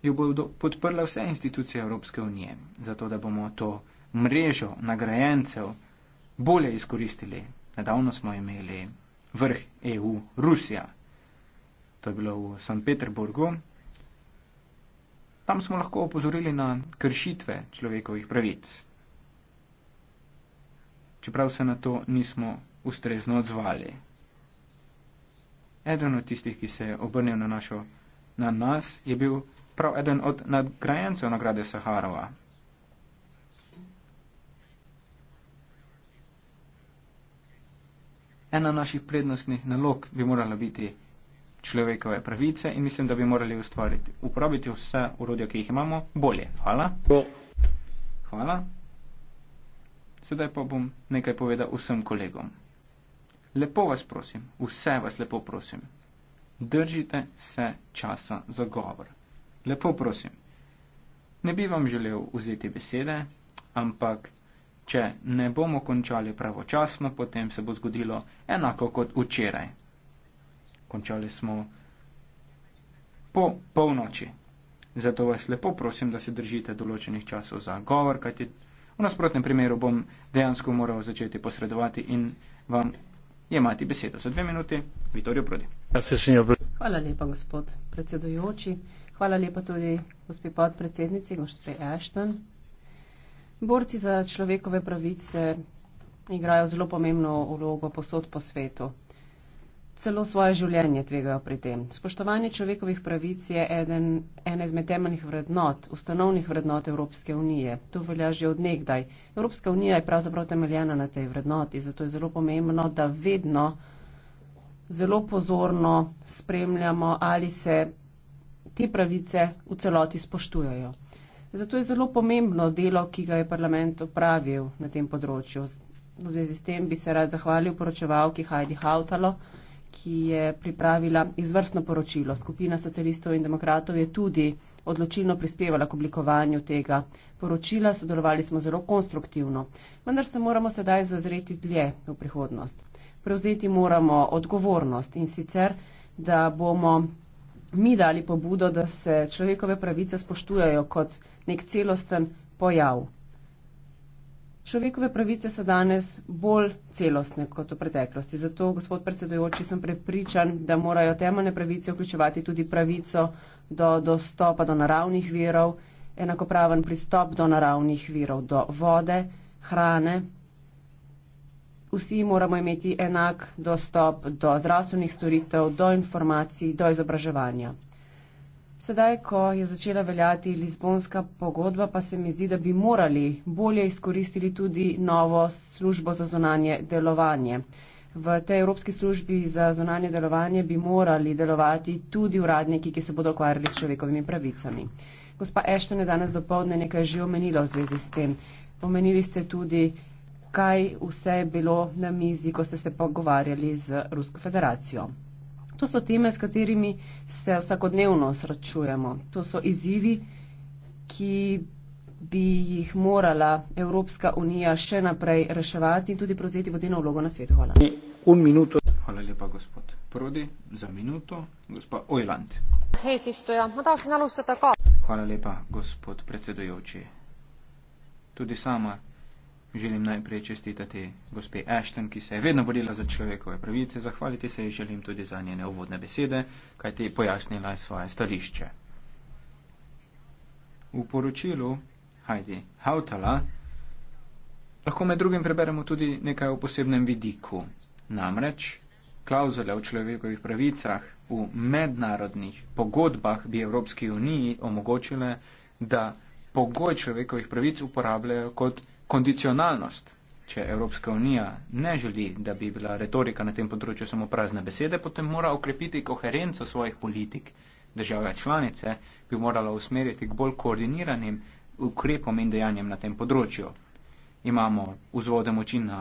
jo bodo podprle vse institucije Evropske unije, zato da bomo to mrežo nagrajencev bolje izkoristili. Nedavno smo imeli vrh EU Rusija. To je bilo v St. Peterburgu. Tam smo lahko opozorili na kršitve človekovih pravic. Čeprav se na to nismo ustrezno odzvali. Eden od tistih, ki se je obrnil na, našo, na nas, je bil prav eden od nadgrajencev nagrade Saharova, ena naših prednostnih nalog bi morala biti človekove pravice in mislim, da bi morali ustvariti, uporabiti vse urodja, ki jih imamo, bolje. Hvala. Hvala. Sedaj pa bom nekaj povedal vsem kolegom. Lepo vas prosim, vse vas lepo prosim, držite se časa za govor. Lepo prosim. Ne bi vam želel vzeti besede, ampak Če ne bomo končali pravočasno, potem se bo zgodilo enako kot včeraj. Končali smo po polnoči. Zato vas lepo prosim, da se držite določenih časov za govor, kajti v nasprotnem primeru bom dejansko moral začeti posredovati in vam jemati besedo. Za dve minuti, Vitorijo Prodi. Hvala lepa, gospod predsedujoči. Hvala lepa tudi gospod podpredsednici, gospod Ashton. Borci za človekove pravice igrajo zelo pomembno vlogo posod po svetu. Celo svoje življenje tvegajo pri tem. Spoštovanje človekovih pravic je eden, ena izmed temeljnih vrednot, ustanovnih vrednot Evropske unije. To velja že odnegdaj. Evropska unija je pravzaprav temeljena na tej vrednoti, zato je zelo pomembno, da vedno zelo pozorno spremljamo, ali se te pravice v celoti spoštujajo. Zato je zelo pomembno delo, ki ga je parlament opravil na tem področju. V zvezi s tem bi se rad zahvalil poročevalki Heidi Hautalo, ki je pripravila izvrstno poročilo. Skupina socialistov in demokratov je tudi odločilno prispevala k oblikovanju tega poročila. Sodelovali smo zelo konstruktivno, vendar se moramo sedaj zazreti dlje v prihodnost. Prevzeti moramo odgovornost in sicer, da bomo mi dali pobudo, da se človekove pravice spoštujajo kot nek celosten pojav. Človekove pravice so danes bolj celostne kot v preteklosti. Zato, gospod predsedujoči, sem prepričan, da morajo temeljne pravice vključevati tudi pravico do dostopa do naravnih virov, enakopraven pristop do naravnih virov, do vode, hrane, vsi moramo imeti enak dostop do zdravstvenih storitev, do informacij, do izobraževanja. Sedaj, ko je začela veljati Lizbonska pogodba, pa se mi zdi, da bi morali bolje izkoristili tudi novo službo za zunanje delovanje. V tej Evropski službi za zunanje delovanje bi morali delovati tudi uradniki, ki se bodo ukvarjali s človekovimi pravicami. Gospa Ešton je danes dopovdne nekaj že omenila v zvezi s tem. Omenili ste tudi kaj vse je bilo na mizi, ko ste se pogovarjali z Rusko federacijo. To so teme, s katerimi se vsakodnevno srečujemo. To so izzivi, ki bi jih morala Evropska unija še naprej reševati in tudi prevzeti vodilno vlogo na svetu. Hvala. Hvala lepa, gospod Prodi, za minuto. Gospa Ojland. Ja. Hvala lepa, gospod predsedujoči. Tudi sama želim najprej čestitati gospe Ashton, ki se je vedno borila za človekove pravice, zahvaliti se ji želim tudi za njene uvodne besede, kajti pojasnila je svoje stališče. V poročilu Heidi Hautala lahko med drugim preberemo tudi nekaj o posebnem vidiku. Namreč, klauzule o človekovih pravicah v mednarodnih pogodbah bi Evropski uniji omogočile, da pogoj človekovih pravic uporabljajo kot kondicionalnost. Če Evropska unija ne želi, da bi bila retorika na tem področju samo prazne besede, potem mora okrepiti koherenco svojih politik. Država članice bi morala usmeriti k bolj koordiniranim ukrepom in dejanjem na tem področju. Imamo vzvode moči na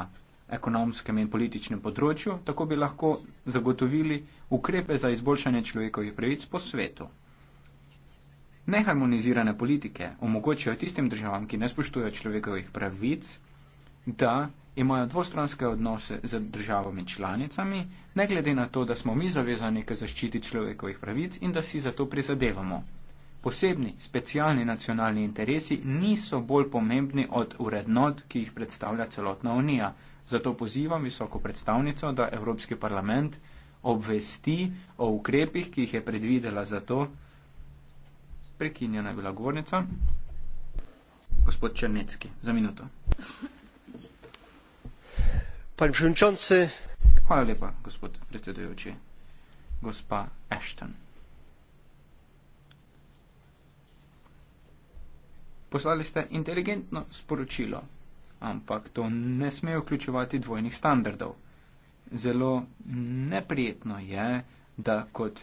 ekonomskem in političnem področju, tako bi lahko zagotovili ukrepe za izboljšanje človekovih pravic po svetu neharmonizirane politike omogočajo tistim državam, ki ne spoštujejo človekovih pravic, da imajo dvostranske odnose z državami članicami, ne glede na to, da smo mi zavezani k zaščiti človekovih pravic in da si zato prizadevamo. Posebni, specialni nacionalni interesi niso bolj pomembni od urednot, ki jih predstavlja celotna unija. Zato pozivam visoko predstavnico, da Evropski parlament obvesti o ukrepih, ki jih je predvidela za to, Prekinjena je bila govornica. Gospod Črnecki, za minuto. Hvala lepa, gospod predsedujoči. Gospa Ashton. Poslali ste inteligentno sporočilo, ampak to ne sme vključevati dvojnih standardov. Zelo neprijetno je, da kot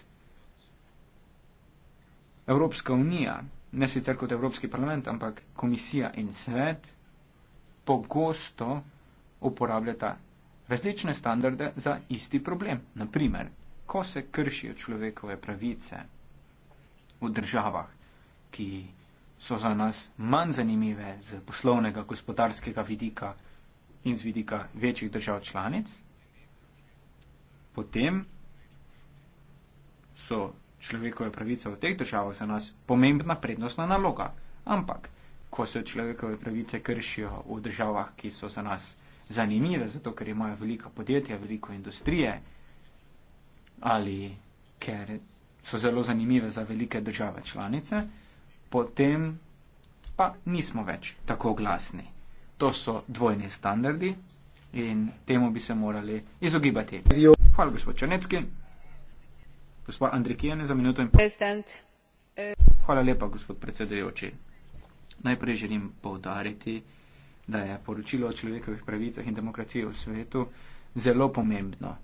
Evropska unija, ne sicer kot Evropski parlament, ampak komisija in svet, pogosto uporabljata različne standarde za isti problem. Naprimer, ko se kršijo človekove pravice v državah, ki so za nas manj zanimive z poslovnega, gospodarskega vidika in z vidika večjih držav članic, potem so človekove pravice v teh državah za nas pomembna prednostna naloga. Ampak, ko se človekove pravice kršijo v državah, ki so za nas zanimive, zato ker imajo velika podjetja, veliko industrije ali ker so zelo zanimive za velike države članice, potem pa nismo več tako glasni. To so dvojni standardi in temu bi se morali izogibati. Hvala, gospod Črnecki. Gospa Andrikijane, za minuto in pol. Eh, Hvala lepa, gospod predsedujoči. Najprej želim povdariti, da je poročilo o človekovih pravicah in demokraciji v svetu zelo pomembno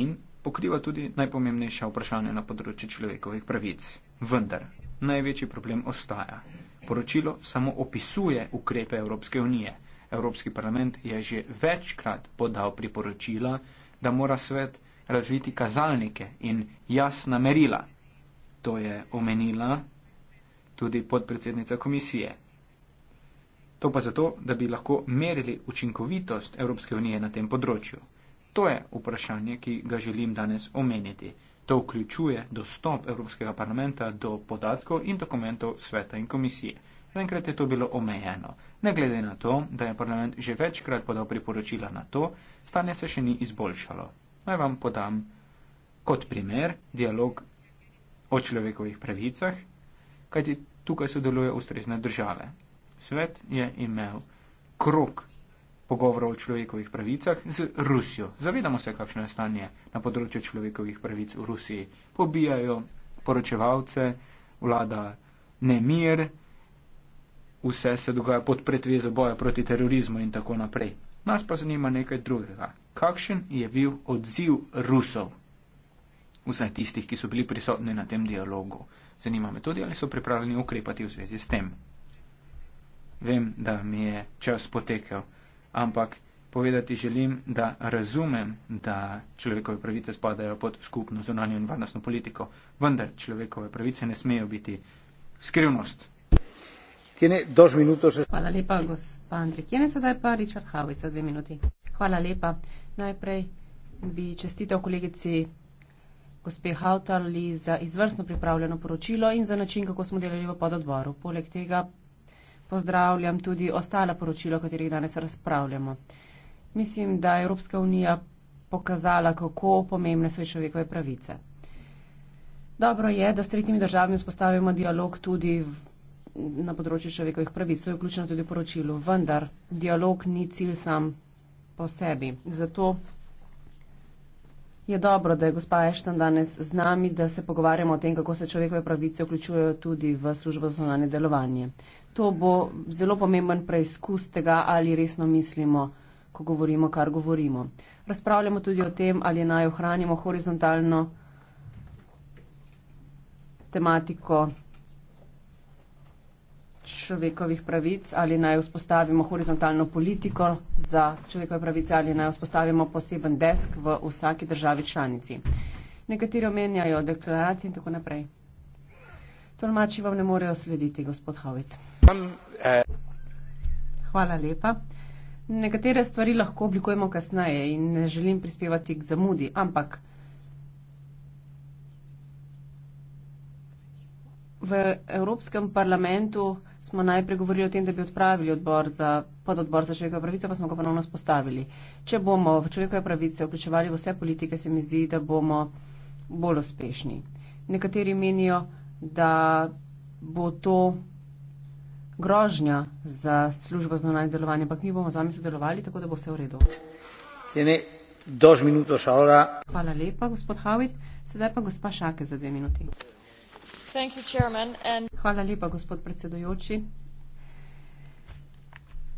in pokriva tudi najpomembnejša vprašanja na področju človekovih pravic. Vendar, največji problem ostaja. Poročilo samo opisuje ukrepe Evropske unije. Evropski parlament je že večkrat podal priporočila, da mora svet razviti kazalnike in jasna merila. To je omenila tudi podpredsednica komisije. To pa zato, da bi lahko merili učinkovitost Evropske unije na tem področju. To je vprašanje, ki ga želim danes omeniti. To vključuje dostop Evropskega parlamenta do podatkov in dokumentov sveta in komisije. Zaenkrat je to bilo omejeno. Ne glede na to, da je parlament že večkrat podal priporočila na to, stanje se še ni izboljšalo. Naj vam podam kot primer dialog o človekovih pravicah, kajti tukaj sodelujejo ustrezne države. Svet je imel krok pogovorov o človekovih pravicah z Rusijo. Zavedamo se, kakšno je stanje na področju človekovih pravic v Rusiji. Pobijajo poročevalce, vlada nemir, vse se dogaja pod pretvezo boja proti terorizmu in tako naprej. Nas pa zanima nekaj drugega. Kakšen je bil odziv Rusov, vsaj tistih, ki so bili prisotni na tem dialogu? Zanima me tudi, ali so pripravljeni ukrepati v zvezi s tem. Vem, da mi je čas potekel, ampak povedati želim, da razumem, da človekove pravice spadajo pod skupno zunanjo in varnostno politiko, vendar človekove pravice ne smejo biti skrivnost Hvala lepa, gospod Andrik. Jene sedaj pa Richard Havica, dve minuti. Hvala lepa. Najprej bi čestitev kolegici gospe Hautali za izvrstno pripravljeno poročilo in za način, kako smo delali v pododboru. Poleg tega pozdravljam tudi ostala poročila, o katerih danes razpravljamo. Mislim, da je Evropska unija pokazala, kako pomembne so človekove pravice. Dobro je, da s tretjimi državami vzpostavimo dialog tudi na področju človekovih pravic, so vključeno tudi v poročilu, vendar dialog ni cilj sam po sebi. Zato je dobro, da je gospa Ešten danes z nami, da se pogovarjamo o tem, kako se človekove pravice vključujejo tudi v službo za zonanje delovanje. To bo zelo pomemben preizkus tega, ali resno mislimo, ko govorimo, kar govorimo. Razpravljamo tudi o tem, ali naj ohranimo horizontalno tematiko človekovih pravic, ali naj vzpostavimo horizontalno politiko za človekove pravice, ali naj vzpostavimo poseben desk v vsaki državi članici. Nekateri omenjajo deklaracije in tako naprej. Tolmači vam ne morejo slediti, gospod Havit. Hvala lepa. Nekatere stvari lahko oblikujemo kasneje in ne želim prispevati k zamudi, ampak v Evropskem parlamentu smo najprej govorili o tem, da bi odpravili odbor za, pododbor za človekove pravice, pa smo ga ponovno spostavili. Če bomo v človekove pravice vključevali vse politike, se mi zdi, da bomo bolj uspešni. Nekateri menijo, da bo to grožnja za službo za zunanje delovanje, ampak mi bomo z vami sodelovali, tako da bo vse v redu. Cene, dož minuto šaura. Hvala lepa, gospod Havit. Sedaj pa gospa Šake za dve minuti. Hvala lepa, gospod predsedujoči.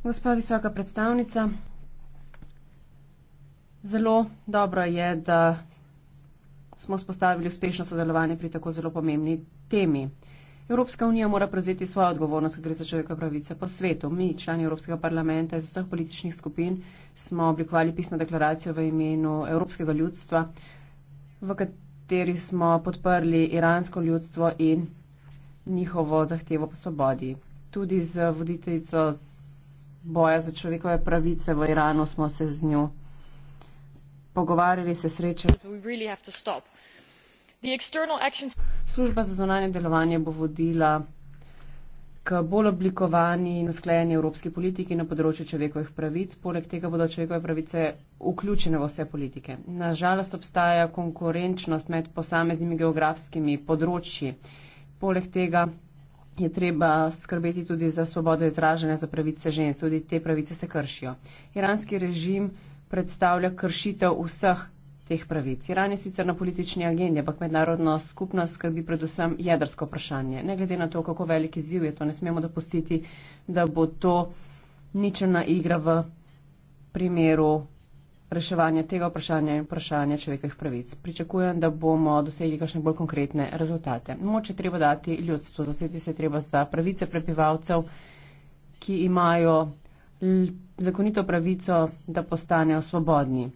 Gospa visoka predstavnica, zelo dobro je, da smo spostavili uspešno sodelovanje pri tako zelo pomembni temi. Evropska unija mora prevzeti svojo odgovornost, ker gre za človekove pravice po svetu. Mi, člani Evropskega parlamenta iz vseh političnih skupin, smo oblikovali pisno deklaracijo v imenu Evropskega ljudstva, v katerem kateri smo podprli iransko ljudstvo in njihovo zahtevo po svobodi. Tudi z voditeljico boja za človekove pravice v Iranu smo se z njo pogovarjali, se srečali. Služba za zunanje delovanje bo vodila bolj oblikovani in usklajeni evropski politiki na področju človekovih pravic. Poleg tega bodo človekove pravice vključene v vse politike. Nažalost obstaja konkurenčnost med posameznimi geografskimi področji. Poleg tega je treba skrbeti tudi za svobodo izražanja za pravice žensk. Tudi te pravice se kršijo. Iranski režim predstavlja kršitev vseh teh pravic. Iran je sicer na politični agendi, ampak mednarodno skupnost skrbi predvsem jedrsko vprašanje. Ne glede na to, kako velik izziv je to, ne smemo dopustiti, da bo to ničena igra v primeru reševanja tega vprašanja in vprašanja človekovih pravic. Pričakujem, da bomo dosegli kakšne bolj konkretne rezultate. Moč je treba dati ljudstvu, zavzeti se je treba za pravice prebivalcev, ki imajo zakonito pravico, da postanejo svobodni.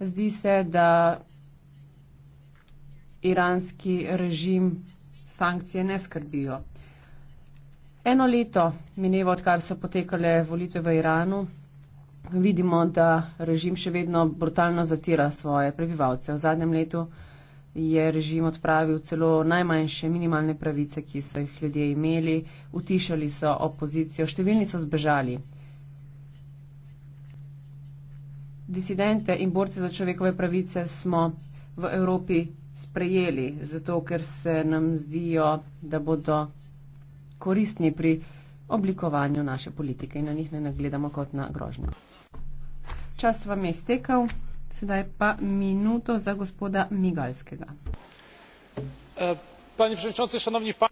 Zdi se, da iranski režim sankcije ne skrbijo. Eno leto mineva, odkar so potekale volitve v Iranu, vidimo, da režim še vedno brutalno zatira svoje prebivalce. V zadnjem letu je režim odpravil celo najmanjše minimalne pravice, ki so jih ljudje imeli, utišali so opozicijo, številni so zbežali. disidente in borce za človekove pravice smo v Evropi sprejeli, zato ker se nam zdijo, da bodo koristni pri oblikovanju naše politike in na njih ne nagledamo kot na grožnjo. Čas vam je stekel, sedaj pa minuto za gospoda Migalskega. Eh, Pani predsedujoči, šanovni pa.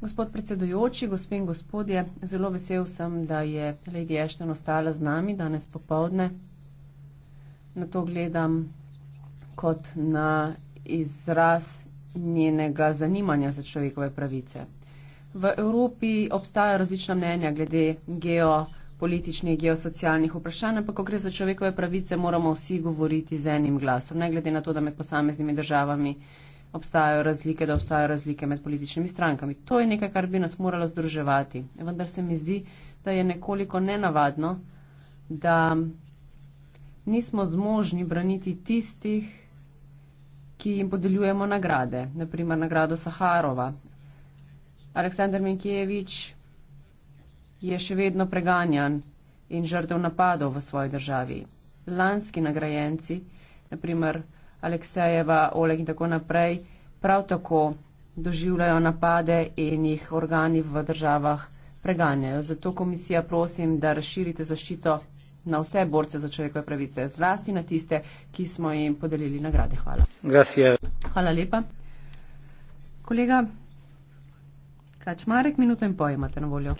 Gospod predsedujoči, gospe in gospodje, zelo vesel sem, da je Lady Ashton ostala z nami danes popovdne na to gledam kot na izraz njenega zanimanja za človekove pravice. V Evropi obstajajo različna mnenja glede geopolitičnih, geosocialnih vprašanj, ampak ko gre za človekove pravice, moramo vsi govoriti z enim glasom, ne glede na to, da med posameznimi državami obstajajo razlike, da obstajajo razlike med političnimi strankami. To je nekaj, kar bi nas moralo združevati. Vendar se mi zdi, da je nekoliko nenavadno, da nismo zmožni braniti tistih, ki jim podeljujemo nagrade, naprimer nagrado Saharova. Aleksandr Minkjevič je še vedno preganjan in žrtev napadov v svoji državi. Lanski nagrajenci, naprimer Aleksejeva, Oleg in tako naprej, prav tako doživljajo napade in jih organi v državah preganjajo. Zato komisija prosim, da razširite zaščito na vse borce za človekove pravice, zlasti na tiste, ki smo jim podelili nagrade. Hvala. Gracia. Hvala lepa. Kolega Kačmarek, minuto in pol imate na voljo.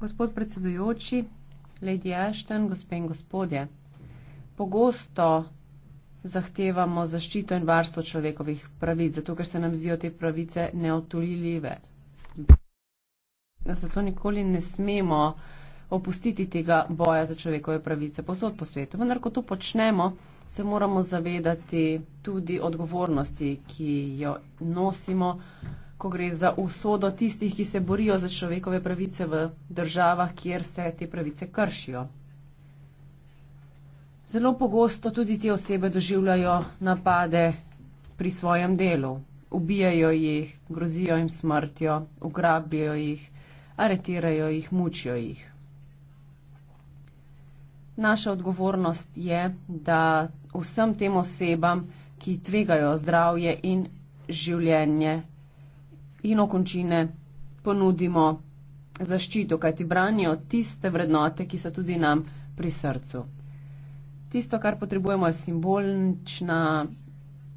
Gospod predsedujoči, Lady Ashton, gospe in gospodje, pogosto zahtevamo zaščito in varstvo človekovih pravic, zato ker se nam zdijo te pravice neotuljive. Zato nikoli ne smemo uh, opustiti tega boja za človekove pravice posod po svetu. Vendar, ko to počnemo, se moramo zavedati tudi odgovornosti, ki jo nosimo, ko gre za usodo tistih, ki se borijo za človekove pravice v državah, kjer se te pravice kršijo. Zelo pogosto tudi te osebe doživljajo napade pri svojem delu. Ubijajo jih, grozijo jim smrtjo, ugrabijo jih, aretirajo jih, mučijo jih. Naša odgovornost je, da vsem tem osebam, ki tvegajo zdravje in življenje in okončine, ponudimo zaščito, kajti branijo tiste vrednote, ki so tudi nam pri srcu. Tisto, kar potrebujemo, je simbolična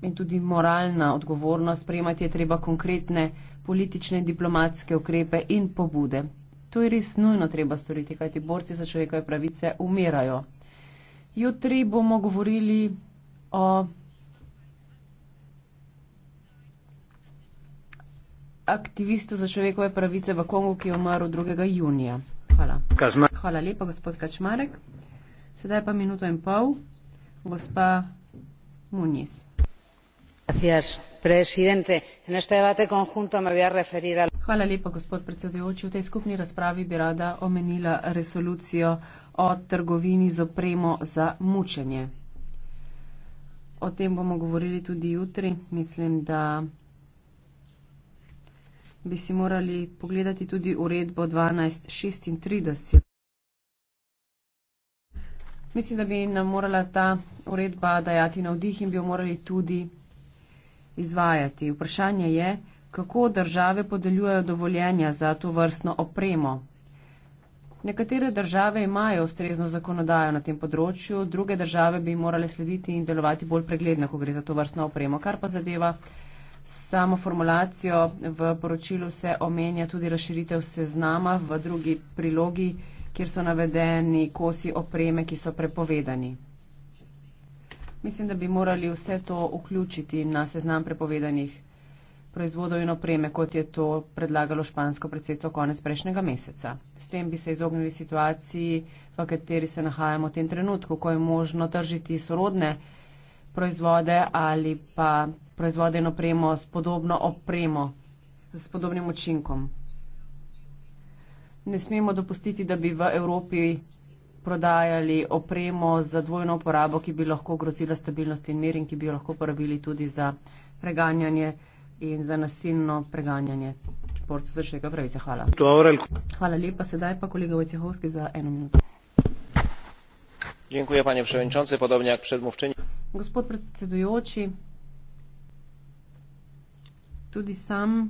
in tudi moralna odgovornost. Sprejemati je treba konkretne politične in diplomatske ukrepe in pobude. To je res nujno treba storiti, kajti borci za človekove pravice umirajo. Jutri bomo govorili o aktivistu za človekove pravice v Kongu, ki je umrl 2. junija. Hvala. Hvala lepa, gospod Kačmarek. Sedaj pa minuto in pol, gospa Muniz. Gracias presidente en este debate conjunto me voy a referir a. hvala lepa gospod predsedujoči v tej skupni razpravi bi rada omenila resolucijo o trgovini z opremo za mučenje. o tem bomo govorili tudi jutri mislim da bi si morali pogledati tudi uredbo dvanajst šestintrideset. Mislim, da bi nam morala ta uredba dajati navdih in bi jo morali tudi izvajati. Vprašanje je, kako države podeljujejo dovoljenja za to vrstno opremo. Nekatere države imajo ustrezno zakonodajo na tem področju, druge države bi morale slediti in delovati bolj pregledno, ko gre za to vrstno opremo. Kar pa zadeva samo formulacijo, v poročilu se omenja tudi razširitev seznama v drugi prilogi, kjer so navedeni kosi opreme, ki so prepovedani. Mislim, da bi morali vse to vključiti na seznam prepovedanih proizvodov in opreme, kot je to predlagalo špansko predsedstvo konec prejšnjega meseca. S tem bi se izognili situaciji, v kateri se nahajamo v tem trenutku, ko je možno tržiti sorodne proizvode ali pa proizvode in opremo s podobno opremo, s podobnim učinkom. Ne smemo dopustiti, da bi v Evropi prodajali opremo za dvojno uporabo, ki bi lahko grozila stabilnost in mir in ki bi jo lahko uporabili tudi za preganjanje in za nasilno preganjanje športov za človeka pravice. Hvala. Hvala lepa. Sedaj pa kolega Vojcehovski za eno minuto. Dziękuję, panie przewodniczący, podobnie jak przedmówczyni. Gospod predsedujoči, tudi sam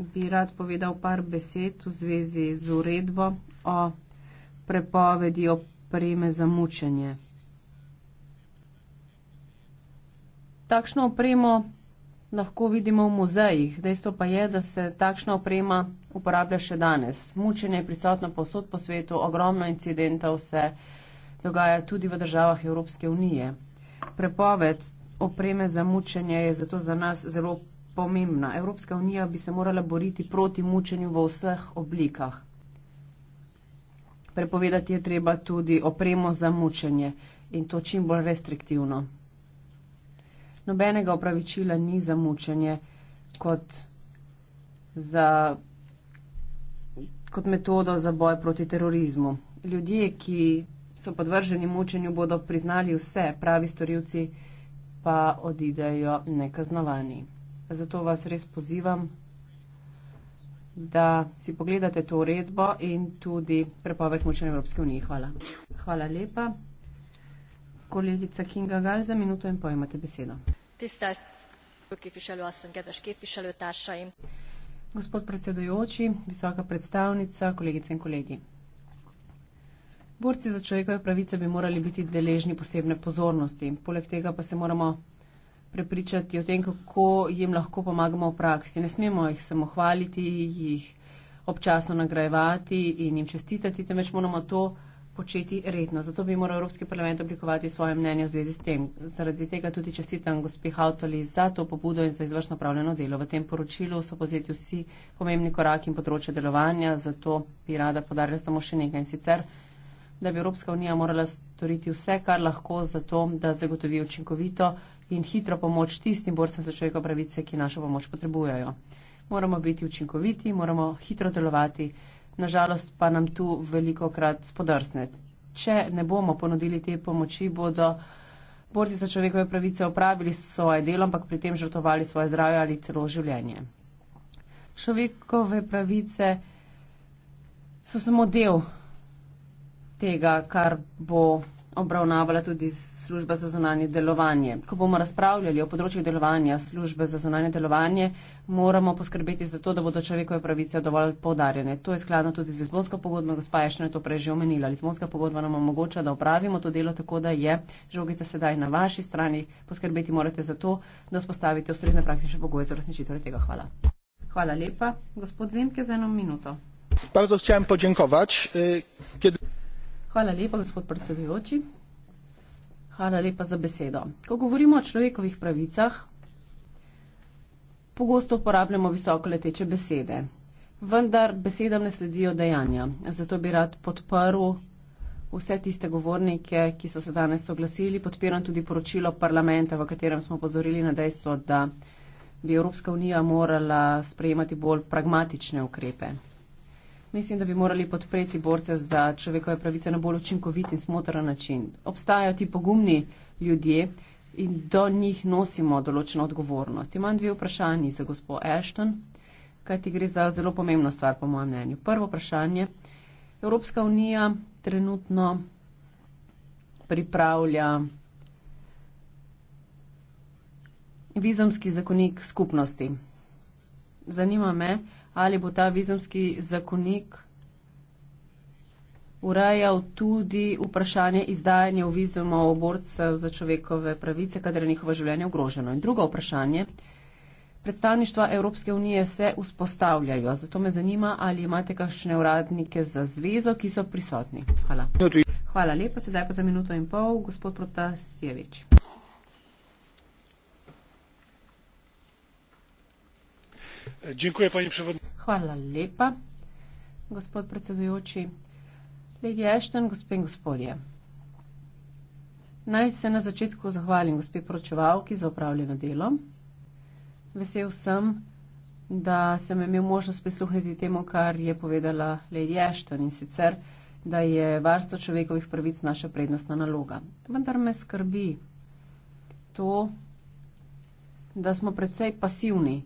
bi rad povedal par besed v zvezi z uredbo o prepovedi opreme za mučenje. Takšno opremo lahko vidimo v muzejih. Dejstvo pa je, da se takšna oprema uporablja še danes. Mučenje je prisotno povsod po svetu, ogromno incidentov se dogaja tudi v državah Evropske unije. Prepoved opreme za mučenje je zato za nas zelo pomembna. Evropska unija bi se morala boriti proti mučenju v vseh oblikah. Prepovedati je treba tudi opremo za mučenje in to čim bolj restriktivno. Nobenega opravičila ni za mučenje kot, za, kot metodo za boj proti terorizmu. Ljudje, ki so podvrženi mučenju, bodo priznali vse, pravi storilci pa odidejo nekaznovani. Zato vas res pozivam, da si pogledate to uredbo in tudi prepoved močne Evropske unije. Hvala. Hvala lepa. Kolegica Kinga Gal za minuto in pojmate besedo. Gospod predsedujoči, visoka predstavnica, kolegice in kolegi. Borci za človekove pravice bi morali biti deležni posebne pozornosti. Poleg tega pa se moramo prepričati o tem, kako jim lahko pomagamo v praksi. Ne smemo jih samo hvaliti, jih občasno nagrajevati in jim čestitati, temveč moramo to početi redno. Zato bi moral Evropski parlament oblikovati svoje mnenje v zvezi s tem. Zaradi tega tudi čestitam gospe Hautali za to pobudo in za izvršno pravljeno delo. V tem poročilu so pozeti vsi pomembni koraki in področje delovanja, zato bi rada podarila samo še nekaj. In sicer, da bi Evropska unija morala storiti vse, kar lahko, za to, da zagotovi učinkovito in hitro pomoč tistim borcem za človekove pravice, ki našo pomoč potrebujejo. Moramo biti učinkoviti, moramo hitro delovati, nažalost pa nam tu veliko krat spodrsne. Če ne bomo ponudili te pomoči, bodo borci za človekove pravice opravili svoje delo, ampak pri tem žrtovali svoje zdravje ali celo življenje. Človekove pravice so samo del tega, kar bo obravnavala tudi služba za zunanje delovanje. Ko bomo razpravljali o področju delovanja službe za zunanje delovanje, moramo poskrbeti za to, da bodo človekove pravice dovolj podarjene. To je skladno tudi z Lizbonsko pogodbo, gospa je še to prej že omenila. Lizbonska pogodba nam omogoča, da opravimo to delo tako, da je žogica sedaj na vaši strani. Poskrbeti morate za to, da spostavite ustrezne praktične pogoje za uresničitev tega. Hvala. Hvala lepa. Gospod Zemke, za eno minuto. Bardzo chciałem podziękować. Kiedy... Hvala lepa, gospod predsedujoči. Hvala lepa za besedo. Ko govorimo o človekovih pravicah, pogosto uporabljamo visoko leteče besede. Vendar besedam ne sledijo dejanja. Zato bi rad podprl vse tiste govornike, ki so se danes oglasili. Podpiram tudi poročilo parlamenta, v katerem smo pozorili na dejstvo, da bi Evropska unija morala sprejemati bolj pragmatične ukrepe. Mislim, da bi morali podpreti borce za človekove pravice na bolj učinkovit in smotren način. Obstajajo ti pogumni ljudje in do njih nosimo določeno odgovornost. Imam dve vprašanji za gospod Ashton, kaj ti gre za zelo pomembno stvar, po mojem mnenju. Prvo vprašanje. Evropska unija trenutno pripravlja vizumski zakonik skupnosti. Zanima me, ali bo ta vizumski zakonik urejal tudi vprašanje izdajanja vizumov oborcev za človekove pravice, kadar je njihovo življenje ogroženo. In drugo vprašanje. Predstavništva Evropske unije se vzpostavljajo, zato me zanima, ali imate kakšne uradnike za zvezo, ki so prisotni. Hvala. Hvala lepa, sedaj pa za minuto in pol, gospod Protasjevič. Dziękuję, panie przewodniczący. Hvala lepa. Gospod predsedujoči, Lady Ashton, gospe in gospodje. Naj se na začetku zahvalim gospe poročevalki za upravljeno delo. Vesel sem, da sem imel možnost prisluhniti temu, kar je povedala Lady Ashton in sicer, da je varstvo človekovih pravic naša prednostna naloga. Vendar me skrbi to, da smo predvsej pasivni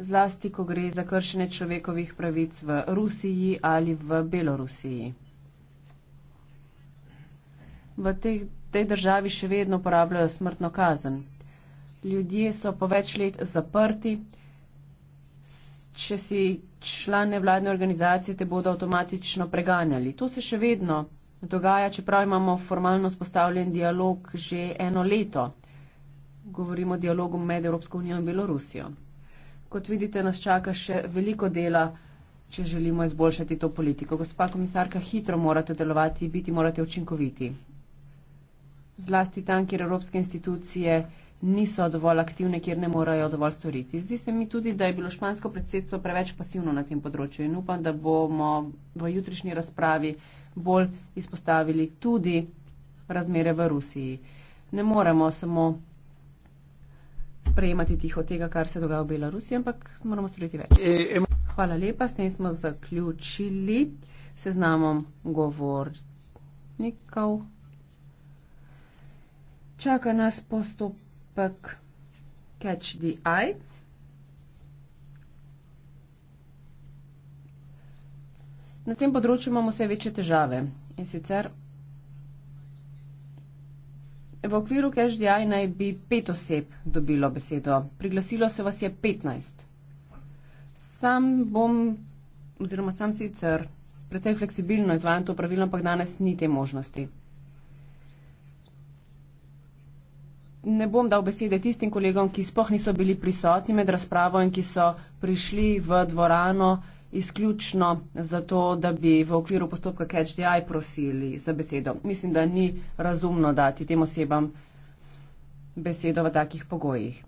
zlasti, ko gre za kršene človekovih pravic v Rusiji ali v Belorusiji. V teh, tej državi še vedno uporabljajo smrtno kazen. Ljudje so po več let zaprti. Če si člane vladne organizacije, te bodo avtomatično preganjali. To se še vedno dogaja, čeprav imamo formalno spostavljen dialog že eno leto. Govorimo o dialogu med Evropsko unijo in Belorusijo kot vidite, nas čaka še veliko dela, če želimo izboljšati to politiko. Gospa komisarka, hitro morate delovati, biti morate učinkoviti. Zlasti tam, kjer evropske institucije niso dovolj aktivne, kjer ne morajo dovolj storiti. Zdi se mi tudi, da je bilo špansko predsedstvo preveč pasivno na tem področju in upam, da bomo v jutrišnji razpravi bolj izpostavili tudi razmere v Rusiji. Ne moremo samo sprejemati tiho tega, kar se dogaja v Belorusiji, ampak moramo storiti več. E, Hvala lepa, s tem smo zaključili seznamom govornikov. Čaka nas postopek Catch the Eye. Na tem področju imamo vse večje težave in sicer V okviru CashDI naj bi pet oseb dobilo besedo. Priglasilo se vas je 15. Sam bom, oziroma sam sicer, precej fleksibilno izvajam to pravilno, ampak danes ni te možnosti. Ne bom dal besede tistim kolegom, ki sploh niso bili prisotni med razpravo in ki so prišli v dvorano izključno zato, da bi v okviru postopka CatchDI prosili za besedo. Mislim, da ni razumno dati tem osebam besedo v takih pogojih.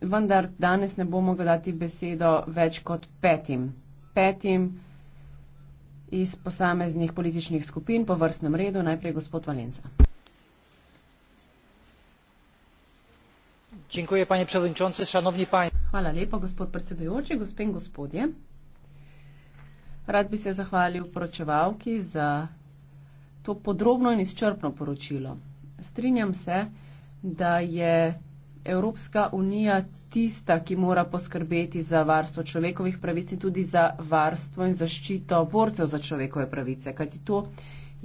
Vendar danes ne bomo ga dati besedo več kot petim. Petim iz posameznih političnih skupin po vrstnem redu. Najprej gospod Valenca. Hvala lepa, gospod predsedujoči, gospe in gospodje. Rad bi se zahvalil poročevalki za to podrobno in izčrpno poročilo. Strinjam se, da je Evropska unija tista, ki mora poskrbeti za varstvo človekovih pravic in tudi za varstvo in zaščito borcev za človekove pravice, kajti to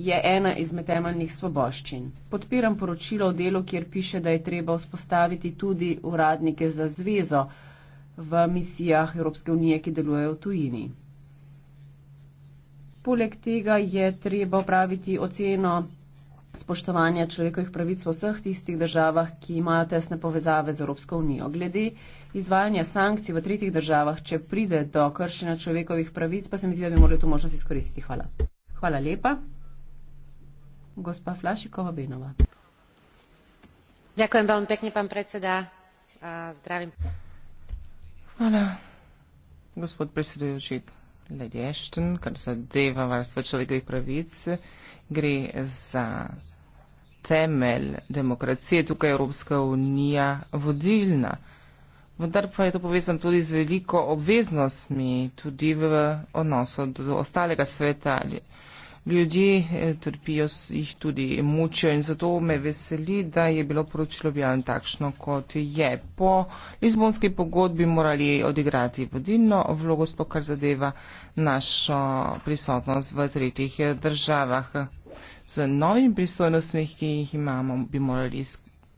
je ena izmed temeljnih svoboščin. Podpiram poročilo o delu, kjer piše, da je treba vzpostaviti tudi uradnike za zvezo v misijah Evropske unije, ki delujejo v tujini. Poleg tega je treba praviti oceno spoštovanja človekovih pravic v vseh tistih državah, ki imajo tesne povezave z Evropsko unijo. Glede izvajanja sankcij v tretjih državah, če pride do kršenja človekovih pravic, pa se mi zdi, da bi morali to možnost izkoristiti. Hvala. Hvala lepa. Gospa Flašikova Benova. Ďakujem veľmi pekne, pán predseda. A zdravím. Hvala, gospod predsedujúči. Ledeščen, kar zadeva varstvo človekovih pravic, gre za temelj demokracije, tukaj je Evropska unija vodilna. Vendar pa je to povezano tudi z veliko obveznostmi, tudi v odnosu do ostalega sveta ali Ljudje eh, trpijo, jih tudi mučijo in zato me veseli, da je bilo poročilo objavljeno takšno, kot je. Po Lizbonski pogodbi morali odigrati vodilno vlogo, spokar zadeva našo prisotnost v tretjih eh, državah. Z novimi pristojnostmi, ki jih imamo, bi morali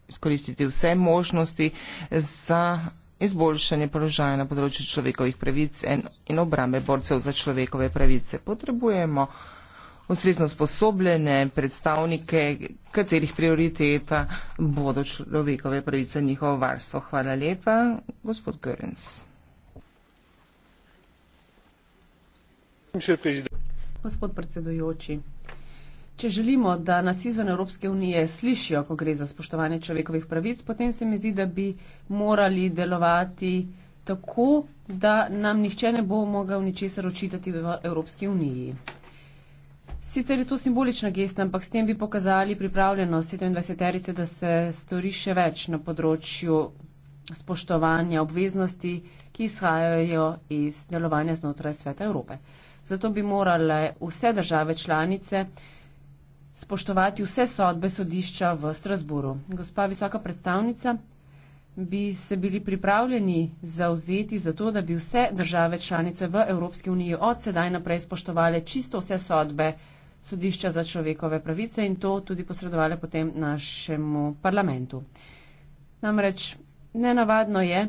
izkoristiti vse možnosti za izboljšanje položaja na področju človekovih pravic in obrambe borcev za človekove pravice. Potrebujemo ustrezno sposobljene predstavnike, katerih prioriteta bodo človekove pravice in njihovo varstvo. Hvala lepa, gospod Görens. Gospod predsedujoči, če želimo, da nas izven Evropske unije slišijo, ko gre za spoštovanje človekovih pravic, potem se mi zdi, da bi morali delovati tako, da nam nihče ne bo mogel ničesar očitati v Evropski uniji. Sicer je to simbolična gesta, ampak s tem bi pokazali pripravljenost 27-terice, da se stori še več na področju spoštovanja obveznosti, ki izhajajo iz delovanja znotraj Sveta Evrope. Zato bi morale vse države članice spoštovati vse sodbe sodišča v Strasburu. Gospa visoka predstavnica, bi se bili pripravljeni zauzeti za to, da bi vse države članice v Evropski uniji od sedaj naprej spoštovali čisto vse sodbe sodišča za človekove pravice in to tudi posredovali potem našemu parlamentu. Namreč nenavadno je,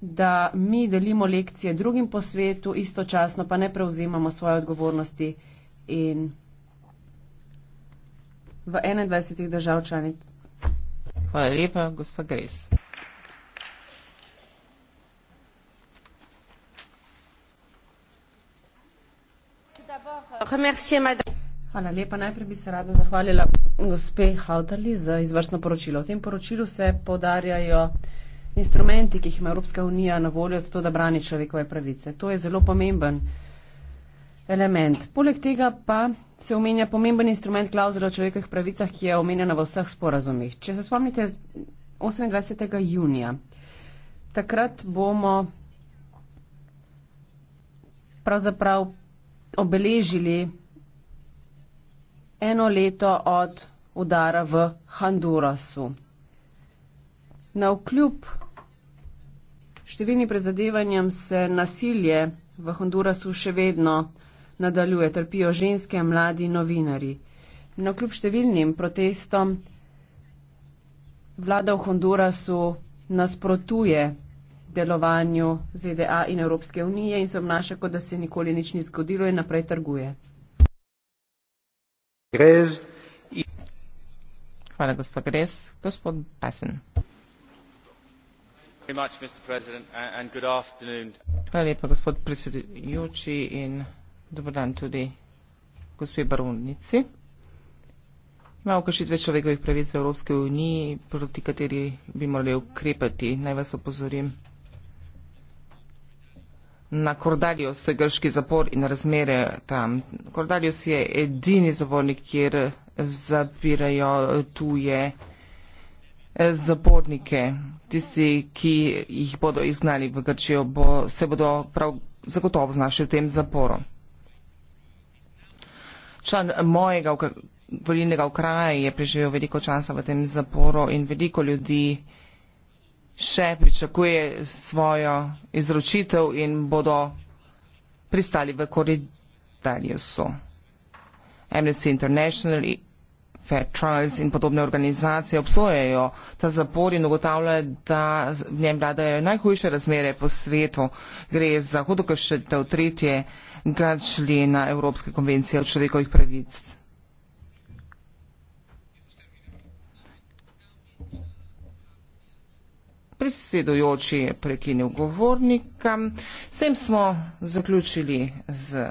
da mi delimo lekcije drugim po svetu, istočasno pa ne prevzemamo svoje odgovornosti in v 21 držav članic. Hvala lepa, gospod Gres. Hvala lepa. Najprej bi se rada zahvalila gospe Hauterli za izvrstno poročilo. V tem poročilu se podarjajo instrumenti, ki jih ima Evropska unija na voljo, zato da brani človekove pravice. To je zelo pomemben element. Poleg tega pa se omenja pomemben instrument klauzula o človekovih pravicah, ki je omenjena v vseh sporazumih. Če se spomnite 28. junija, takrat bomo pravzaprav obeležili eno leto od udara v Hondurasu. Na vkljub številnim prizadevanjem se nasilje v Hondurasu še vedno nadaljuje, trpijo ženske, mladi novinari. Na vkljub številnim protestom vlada v Hondurasu nasprotuje delovanju ZDA in Evropske unije in se obnaša, kot da se nikoli nič ni zgodilo in naprej trguje. Grez. Hvala, gospod Grez. Gospod Patten. Hvala lepa, gospod predsedujoči in dobro dan tudi gospe baronici. Imamo kršitve človekovih pravic v Evropske uniji, proti kateri bi morali ukrepati. Naj vas opozorim, na Kordalios, to je grški zapor in razmere tam. Kordalios je edini zapornik, kjer zapirajo tuje eh, zapornike. Tisti, ki jih bodo iznali v Grčijo, bo, se bodo prav zagotovo znašli v tem zaporu. Član mojega volilnega okraja je preživel veliko časa v tem zaporu in veliko ljudi še pričakuje svojo izročitev in bodo pristali v koridarju so. Amnesty International, Fair Trials in podobne organizacije obsojajo ta zapor in ugotavljajo, da v njem vladajo najhujše razmere po svetu. Gre za hudokršitev tretjega člena Evropske konvencije o človekovih pravicah. Predsedujoči je prekinil govornika. S tem smo zaključili z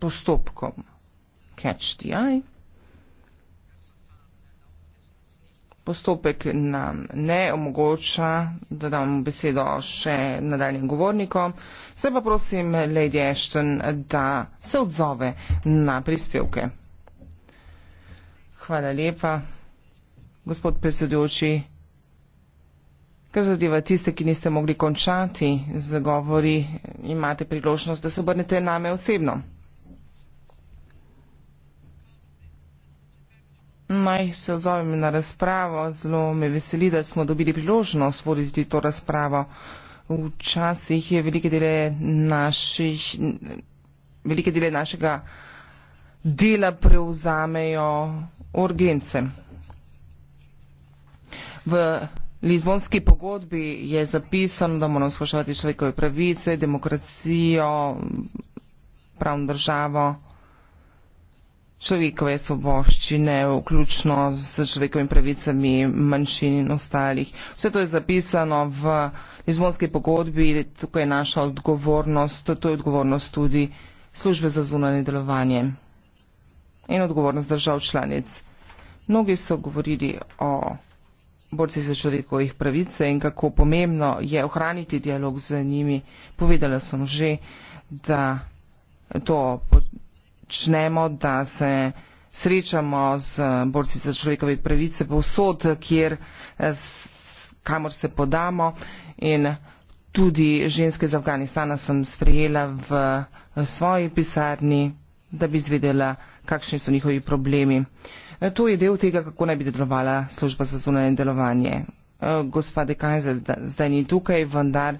postopkom Catch the Eye. Postopek nam ne omogoča, da dam besedo še nadaljnim govornikom. Zdaj pa prosim Lady Ashton, da se odzove na prispevke. Hvala lepa. Gospod predsedujoči, Kar zadeva tiste, ki niste mogli končati z govori, imate priložnost, da se obrnete name osebno. Naj se odzovem na razpravo. Zelo me veseli, da smo dobili priložnost voditi to razpravo. Včasih je velike dele, naših, velike dele našega dela prevzamejo urgence. V Lizbonski pogodbi je zapisano, da moramo spoštovati človekove pravice, demokracijo, pravno državo, človekove svoboščine, vključno s človekovimi pravicami manjšin in ostalih. Vse to je zapisano v Lizbonski pogodbi, tukaj je naša odgovornost, to je odgovornost tudi službe za zunanje delovanje in odgovornost držav članic. Mnogi so govorili o bolj si za človekovih pravice in kako pomembno je ohraniti dialog z njimi. Povedala sem že, da to počnemo, da se srečamo z borci za človekove pravice povsod, kjer, kamor se podamo in tudi ženske iz Afganistana sem sprejela v svoji pisarni, da bi izvedela, kakšni so njihovi problemi. Eh, to je del tega, kako naj bi delovala služba za zunanje delovanje. Eh, gospa Dekajza zdaj ni tukaj, vendar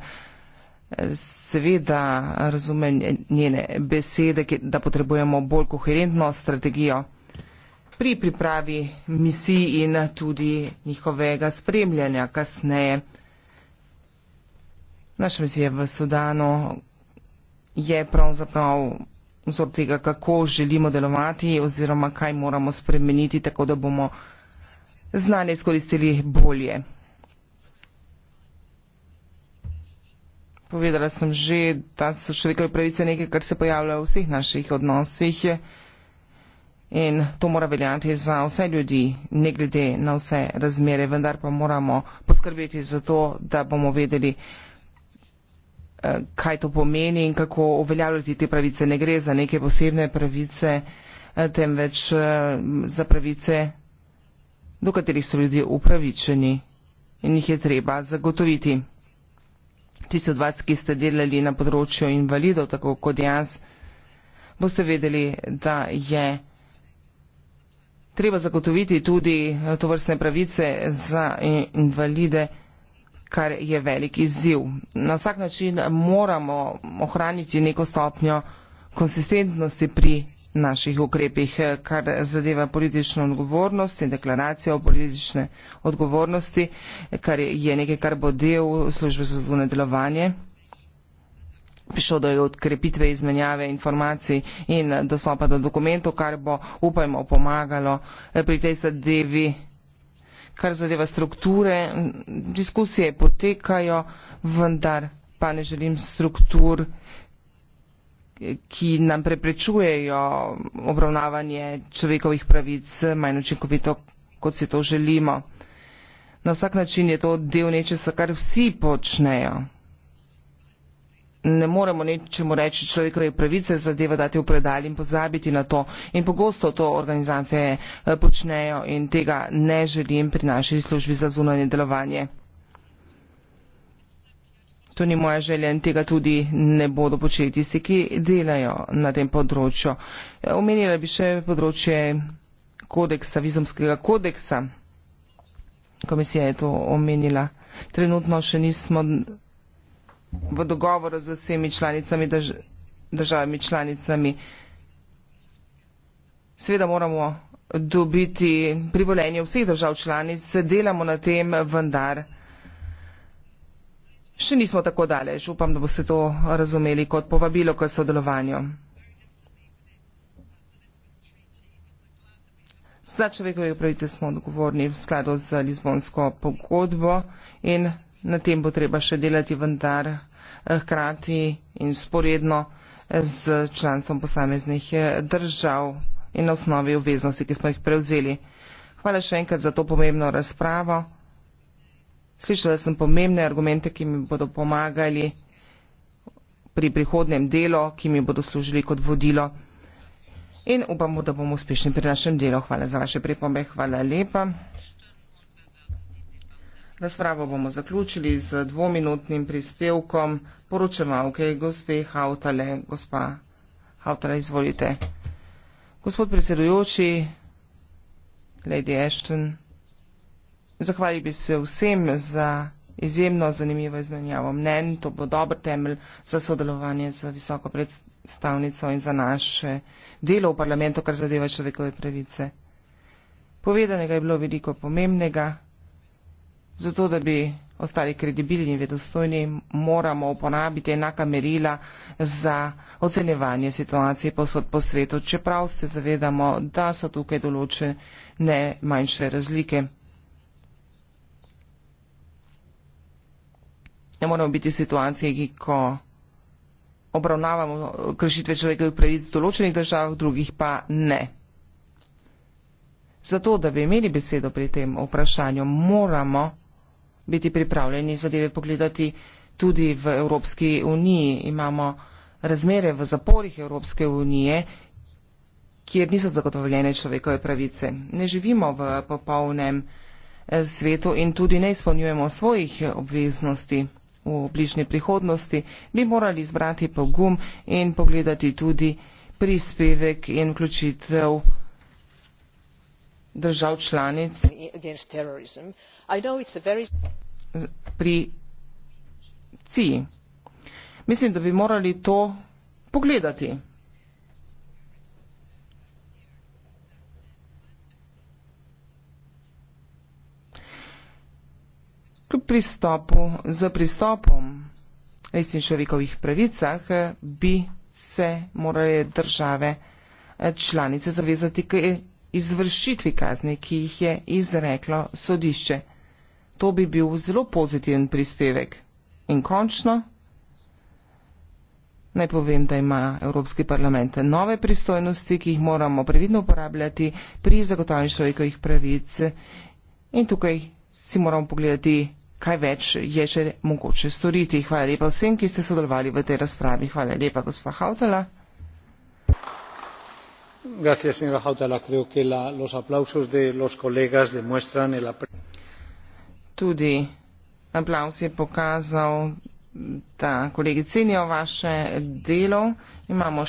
eh, seveda razumem njene besede, da potrebujemo bolj koherentno strategijo pri pripravi misij in tudi njihovega spremljanja kasneje. Naša misija v Sudanu je pravzaprav vzor tega, kako želimo delovati oziroma kaj moramo spremeniti, tako da bomo znanje izkoristili bolje. Povedala sem že, da so človekove pravice nekaj, kar se pojavlja v vseh naših odnosih in to mora veljati za vse ljudi, ne glede na vse razmere, vendar pa moramo poskrbeti za to, da bomo vedeli, Eh, kaj to pomeni in kako uveljavljati te pravice. Ne gre za neke posebne pravice, eh, temveč eh, za pravice, do katerih so ljudje upravičeni in jih je treba zagotoviti. Tisti od vas, ki ste delali na področju invalidov, tako kot jaz, boste vedeli, da je treba zagotoviti tudi to vrstne pravice za invalide kar je velik izziv. Na vsak način moramo ohraniti neko stopnjo konsistentnosti pri naših ukrepih, kar zadeva politično odgovornost in deklaracijo o politične odgovornosti, kar je nekaj, kar bo del službe za zvone delovanje. Prišlo do odkrepitve izmenjave informacij in dostopa do dokumentov, kar bo, upajmo, pomagalo pri tej zadevi kar zadeva strukture. Diskusije potekajo, vendar pa ne želim struktur, ki nam preprečujejo obravnavanje človekovih pravic manj učinkovito, kot si to želimo. Na vsak način je to del nečesa, kar vsi počnejo ne moremo nečemu reči človekove pravice zadeva dati v predal in pozabiti na to. In pogosto to organizacije eh, počnejo in tega ne želim pri naši službi za zunanje delovanje. To ni moja želja in tega tudi ne bodo počeli tisti, ki delajo na tem področju. Omenila bi še področje kodeksa, vizumskega kodeksa. Komisija je to omenila. Trenutno še nismo v dogovoru z vsemi članicami, drž državami članicami. Sveda moramo dobiti privolenje vseh držav članic, delamo na tem vendar. Še nismo tako daleč, upam, da boste to razumeli kot povabilo k sodelovanju. Za človekove pravice smo odgovorni v skladu z Lizbonsko pogodbo in na tem bo treba še delati vendar. Eh, hkrati in sporedno z članstvom posameznih eh, držav in na osnovi obveznosti, ki smo jih prevzeli. Hvala še enkrat za to pomembno razpravo. Slišala sem pomembne argumente, ki mi bodo pomagali pri prihodnem delu, ki mi bodo služili kot vodilo. In upamo, da bomo uspešni pri našem delu. Hvala za vaše pripombe. Hvala lepa. Razpravo bomo zaključili z dvominutnim prispevkom poročevalke gospe Hautale. Gospa Hautale, izvolite. Gospod predsedujoči, Lady Ashton, zahvali bi se vsem za izjemno zanimivo izmenjavo mnen. To bo dober temelj za sodelovanje z visoko predstavnico in za naše delo v parlamentu, kar zadeva človekove pravice. Povedanega je bilo veliko pomembnega zato da bi ostali kredibilni in vedostojni, moramo uporabiti enaka merila za ocenjevanje situacije posod po svetu, čeprav se zavedamo, da so tukaj določene manjše razlike. Ne moramo biti v situaciji, ki ko obravnavamo kršitve človekovih pravic v določenih državah, drugih pa ne. Zato, da bi imeli besedo pri tem vprašanju, moramo biti pripravljeni zadeve pogledati tudi v Evropski uniji. Imamo razmere v zaporih Evropske unije, kjer niso zagotovljene človekove pravice. Ne živimo v popolnem eh, svetu in tudi ne izpolnjujemo svojih obveznosti v bližnji prihodnosti, bi morali izbrati pogum in pogledati tudi prispevek in vključitev držav članic pri ciji. Mislim, da bi morali to pogledati. Kljub pristopu, z pristopom resnih človekovih pravicah bi se morale države eh, članice zavezati k izvršitvi kazni, ki jih je izreklo sodišče. To bi bil zelo pozitiven prispevek. In končno, naj povem, da ima Evropski parlament nove pristojnosti, ki jih moramo previdno uporabljati pri zagotavljanju človekovih pravic. In tukaj si moramo pogledati, kaj več je še mogoče storiti. Hvala lepa vsem, ki ste sodelovali v tej razpravi. Hvala lepa, gospa Hautala gracias señora hautala creo que la, los aplausos de los colegas demuestran el tudi aplaus je pokazal da kolegi cenijo vaše delo imamo.